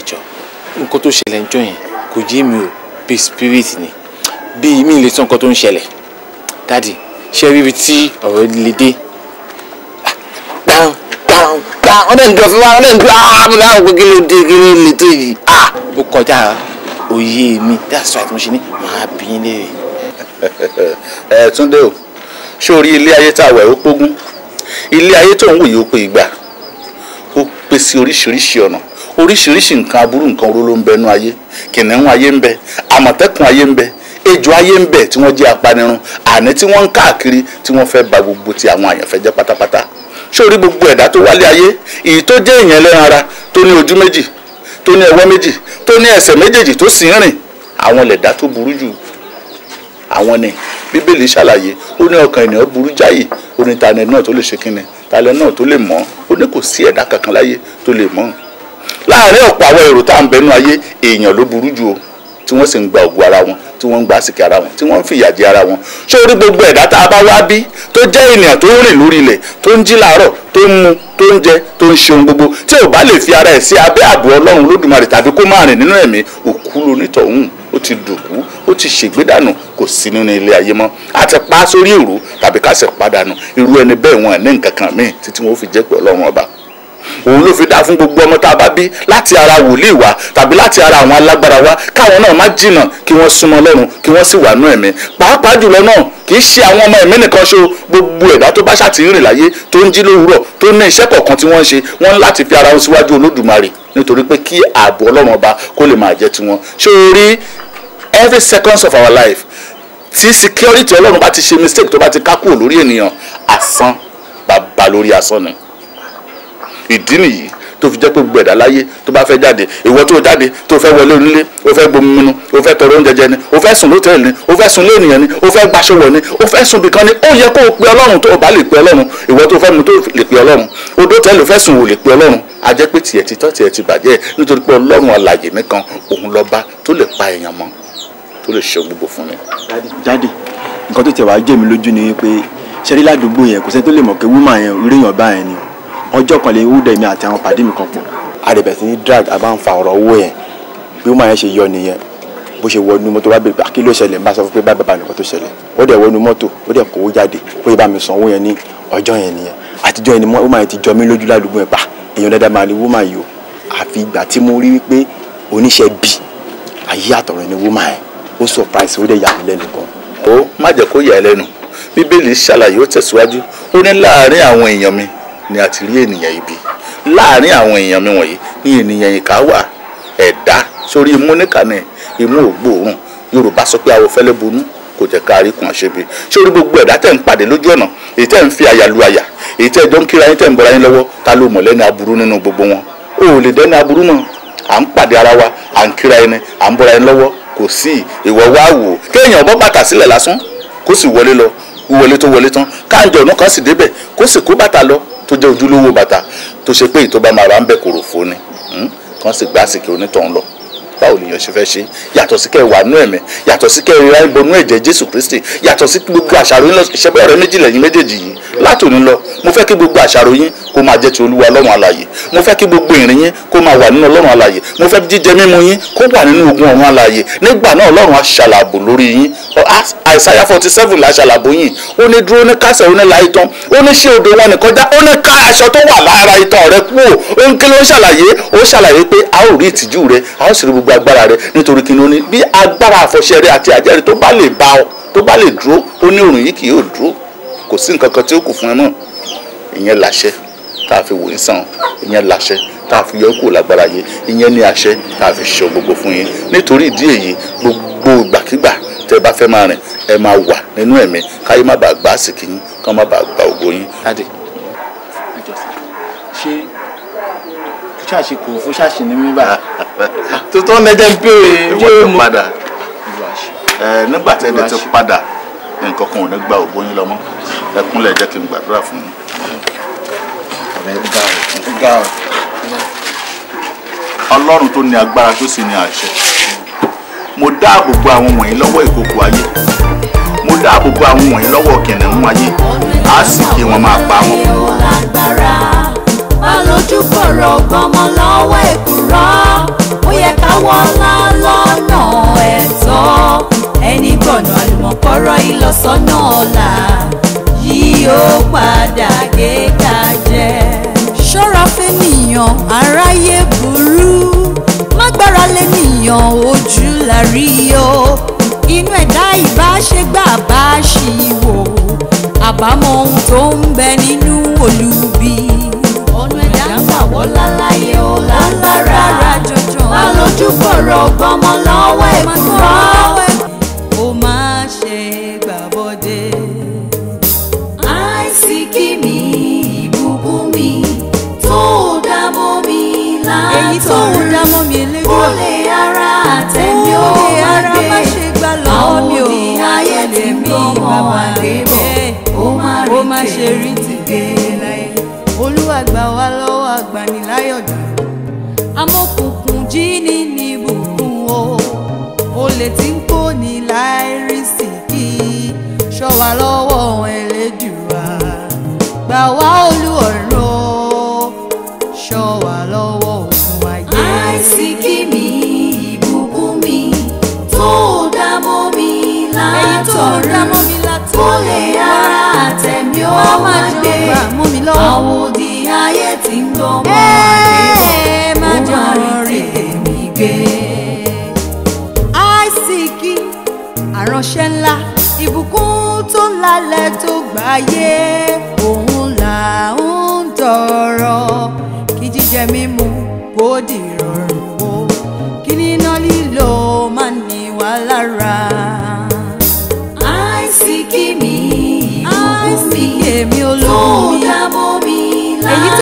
nǹkan tó ṣẹlẹ̀ níjọ́ yẹn kò yé mi o bíi spirit ni bíi mi lè sọ nǹkan tó ń ṣẹlẹ̀ dáàdi ṣé ríbi tí ọ̀rọ̀ lè dé gbà wọ́n dẹ̀ ń dọ̀ fún wa wọ́n dẹ̀ ń dọ̀ ah mo dáhùn pé kí ló dé kí ló lè tó yìí ah ó kọjá òye mi that's right mo ṣe ní màá bí yín léèrè. ẹ eh, Túndé o ṣé o rí ilé ayé tá a wẹ̀ ó pógún ilé ayé tó ń wò yìí ó pé ìgbà ó pèsè oríṣiríṣi ọ̀nà oríṣiríṣi nǹkan aburú nǹkan oró ló ń bẹ nú ayé kìnìún ayé ń bẹ àmọ̀tẹ́kùn ayé ń bẹ ejò ayé ń bẹ tí wọ́n jẹ́ apanirun àní tí wọ́n ń káàkiri tí wọ́n fẹ́ ba gbogbo ti àwọn àyànfẹ́ jẹ́ pátápátá sórí gbogbo ẹ̀dá tó wálé ayé èyí tó jẹ́ èèyàn ẹlẹ́ran ara tó ní ojú méjì tó ní ẹwọ́ méjì tó ní ẹsẹ̀ méjèèjì tó sì ń rìn àwọn lẹ̀dá tó burú jù àwọn ni bíbélì ṣàlàyé ó ní ọkàn ènìyàn burú jáyì ó ní talẹ̀ náà tó lè ṣe kínni talẹ̀ náà tó lè mọ̀ ó ní kò sí ẹ̀dá kankan láyé tó lè mọ̀ láàárín ọ̀pọ̀ àwọn èrò tá à ń bẹnu ayé èèyàn ló burú jù o tí wọ́n sì ń gba ògùn ara wọn tí wọ́n ń gba àsìkè ara wọn tí wọ́n ń fìyà jẹ ara wọn sórí gbogbo ẹ̀dá tá a bá wá bí tó jẹ́ ènìyàn tó ń rìn lórí ilẹ̀ tó ń jí làárọ̀ tó ń mu tó ń jẹ tó ń ṣe ohun gbogbo tí ò bá lè fi ara ẹ̀ sí abẹ́ ààbò ọlọ́run lódùmarè tàbí kó má rìn nínú ẹ̀mí òkú lonítọ̀hún ó ti dùkú ó ti ṣègbédànù kò sí nínú ilé ayé mọ́ àti pa sórí èrò tàbí ká padànù irú ẹni bẹ́ẹ̀ wọn ní nǹkan kan míì títí wọn ó fi jẹ́ pé ọlọ́run ọba òun ló fi dáa fún gbogbo ọmọ tá a bá bí láti ara wòlíì wa tàbí láti ara àwọn alágbára wa káwọn náà má jìnnà kí wọ́n súnmọ́ Ọlọ́run kí wọ́n sì wà nú ẹ̀mí pàápàá jùlọ náà kì í ṣe àwọn ọmọ ẹ̀mí nìkan ṣo gbogbo ẹ̀dá tó bá ṣàtìrìn láyé tó ń jí lówùúrọ̀ tó ní iṣẹ́ kọ̀ọ̀kan tí wọ́n ń ṣe wọ́n láti fi ara wọn síwájú Olódùmarè nítorí pé kí ààbò Ọlọ́run ọba kó lè máa jẹ́ tiwọn ṣé o rí every seconds of our life tí security Ọlọ́run bá ti ṣe mistake tó bá ti ká kúrò lórí ènìyàn asán bàbá lórí asán ni ìdí nìyí tó fi jẹ́ pé gbẹ̀dá láyé tó bá fẹ́ jáde ìwọ tó jáde tó fẹ́ wọlé onílé o fẹ́ gbomi mímu o fẹ́ tọrọ oúnjẹ jẹ ni o fẹ́ sùn lótẹ́ẹ̀lì ni o fẹ́ sùn lé ènìyàn ni o fẹ́ gbaṣọ wọ̀ ni o fẹ́ sùn bìkan ni ó yẹ kó o pe ọlọ́run tó o bá lè pe ọlọ́run ìwọ tó fẹ́ mu tó lè pe ọlọ́run odò tẹ́lẹ̀ o fẹ́ sùn wò lè pe ọlọ́run a jẹ́ pé tiẹ̀ ti tọ́ tiẹ̀ ti bàjẹ́ nítorí pé ọlọ́run alàyè nìkan òun lọ́ba tó lè pa èèyàn mọ́ tó lè ṣe gbogbo fún mi. dádì nǹkan tó ọjọ́ kan lè wúdẹ̀ mi àti àwọn pàdé mi kan pọ̀ àdẹ̀bẹ̀ sí ní drag àbá ń fa ọ̀rọ̀ owó yẹn bí wọ́n máa yẹn ṣe yọ nìyẹn bó ṣe wọnú mọ́tò wá bèbè kí ló ṣẹlẹ̀ bá sọ fún pé bá bàbá nìkan tó ṣẹlẹ̀ ó dẹ̀ wọnú mọ́tò ó dẹ̀ kówó jáde ó yẹ bá mi san owó yẹn ní ọjọ́ yẹn nìyẹn àtijọ́ yẹn ni wọ́n máa ti jọ mí lójú ládùúgbò yẹn pa èèyàn dáadáa máa rí wúmà yìí o àfi ìgbà tí mo rí wípé oníṣẹ́ bì ayé àtọ̀rọ̀ ni wúmà yẹn ó surprise ó dẹ̀ yà mí lẹ́nu gan. ó má jẹ́ kó yà ẹ́ lẹ́nu bíbélì ṣàlàyé ó tẹ̀síwájú ó ní láàárín àwọn èèyàn mi ni a ti rí ènìyàn ibi láàárín àwọn èèyàn mi wọ̀nyí ni ènìyàn ìka wà ẹ̀dá sórí imú níkànnì imú ògbóòrùn yorùbá sọ pé awo fẹ́lẹ́ bonú kò jẹ́ ká rí kàn ṣe bi sórí gbogbo ẹ̀dá tẹ̀ ń pàdé lójú ọ̀nà èyí tẹ̀ ń fi àyà lu àyà èyí tẹ̀ jọ ń kíra yín tẹ̀ ń bọ̀ra yín lọ́wọ́ ta ló mọ̀ lẹ́ni aburú nínú gbogbo wọn o ò lè dẹ́ni aburú mọ̀ à ń pàdé ara wa à ń kíra ẹni à ń bọ̀ra ẹni lọ́wọ́ kò sí ìwọ wá wò kéèyàn bọ́ bàtà sílẹ̀ lásán kó sì wọlé lọ wọlé tó wọlé tán káàjọ̀ ọ̀nà kan sì débẹ̀ kó sì kó bàtà lọ tó jẹ́ ojúlówó bàtà tó ṣe pé ìtọ́ba máa ra ń bẹ̀ kòròfo ni hmm? kàn sì gbásìkì onítọ̀hún lọ báwo lèèyàn ṣe fẹ́ ṣe yàtọ̀ sí kẹ́ ẹ wà nú ẹ̀mẹ́ yàtọ̀ sí kẹ́ ẹ ra ibonú ẹ̀jẹ̀ Jésù Kristi yàtọ̀ sí gbogbo àṣàrò yín ṣẹbẹ́ ọ̀rẹ́ méjì lẹ́yìn méjèèjì yìí látòní lọ mo fẹ́ kí gbogbo àṣàrò yín kó máa jẹ́ ti Olúwa Ọlọ́run alààyè mo fẹ́ kí gbogbo ìrìn yín kó máa wà nínú Ọlọ́run alààyè mo fẹ́ jíjẹ mímu yín kó wà nínú ogun ọ̀run alààyè nígbà náà Ọlọ́run á lórí yín Àìsáyà forty seven la ṣàlàbò yín ó ní dúró ní kásẹ̀ ó ní la itan ó ní ṣé odò wọn nìkan já ó ní ká aṣọ tó wà lára itan rẹ kúrò ó ń kí ló ń ṣàlàyé ó ṣàlàyé pé a ó rí ìtìjú rẹ a ó sì rí gbogbo agbára rẹ nítorí kí ni ó ní bí agbára àfọ̀ṣẹ rẹ àti àjẹrẹ tó bá lè bá ọ tó bá lè dúró ó ní òrùn yìí kì yóò dúró kò sí nǹkan kan tí ó kù fún ẹ mọ́ ìyẹn làṣẹ tá a fi wò ń sàn ìyẹn làṣẹ tá a fi yọ kúrò lágbára yìí ìyẹn ní àṣẹ tá a fi ṣe gbogbo fún yín nítorí ìdí èyí gbogbo ìgbàkigbà tẹ́ bá fẹ́ máa rìn ẹ máa wà nínú ẹ̀mí káyé má bàa gbà á sì kí yín kán má bàa gbà ògo yín. ṣáàṣì kò fún ṣáàṣì ní mí báyìí tó tọ́ nẹ́jẹ́ ń pèrè yóò mú. nígbà tẹ́ ẹ ti padà nǹkan kan ò ní gba òbóyin lọ mọ́ ẹ kúnlẹ̀ jẹ́ kí n gbàdúrà fún yín. ọlọ́run tó ní agbára tó sì ní àṣẹ mo dáàbò bo àwọn wọ̀nyí lọ́wọ́ ìkòkò ayé mo dáàbò bo àwọn wọ̀nyí lọ́wọ́ kìnìún ayé á sì kí wọn máa pa wọn má lójú kòrò gbọmọ lọ́wọ́ èkùrọ́ ó yẹ káwọ́ ọlá lọ́nà ẹ̀tọ́ ẹni gbọ̀nà àlùmọ̀kọ́rọ́ ìlọsọ́nà ọ̀la yìí ó padà gé kajẹ. ṣọ́ra fẹ́nìyàn aráyé burú mágbára lẹ́nìyàn ojú la rí o inú ẹ̀dá ìbáṣegbà bá ṣì wò àbámọ̀ ohun tó ń bẹ nínú olúbi ọ̀làláyé ọ̀làlára má lójú kọ̀rọ̀ gbọ́mọ lọ́wọ́ ẹ̀kúrọ́. ó máa ṣe gbàbọ́dé. àìsíkí mi ìbùkún mi tó dá mọ́ mi látọ̀run. èyí tó dá mọ́ mi eléyìí. ó lè ara àtẹ̀mí ó máa agbaniláyọ̀dá amókùnkùn jí ní níbùkún o olè tí ń kó ní láìrísìkì ṣọ́ wa lọ́wọ́ ẹlẹ́dùúrà gbà wá o. ìránṣẹ́ ńlá ìbùkún tó lálẹ́ tó gbáyé òun là ń tọrọ kí jíjẹ mímu kó di ìrọ̀rùn o kí níná lílo má ní wá lára. àìsí kí mi ìbùkún mi èmi olóhùn.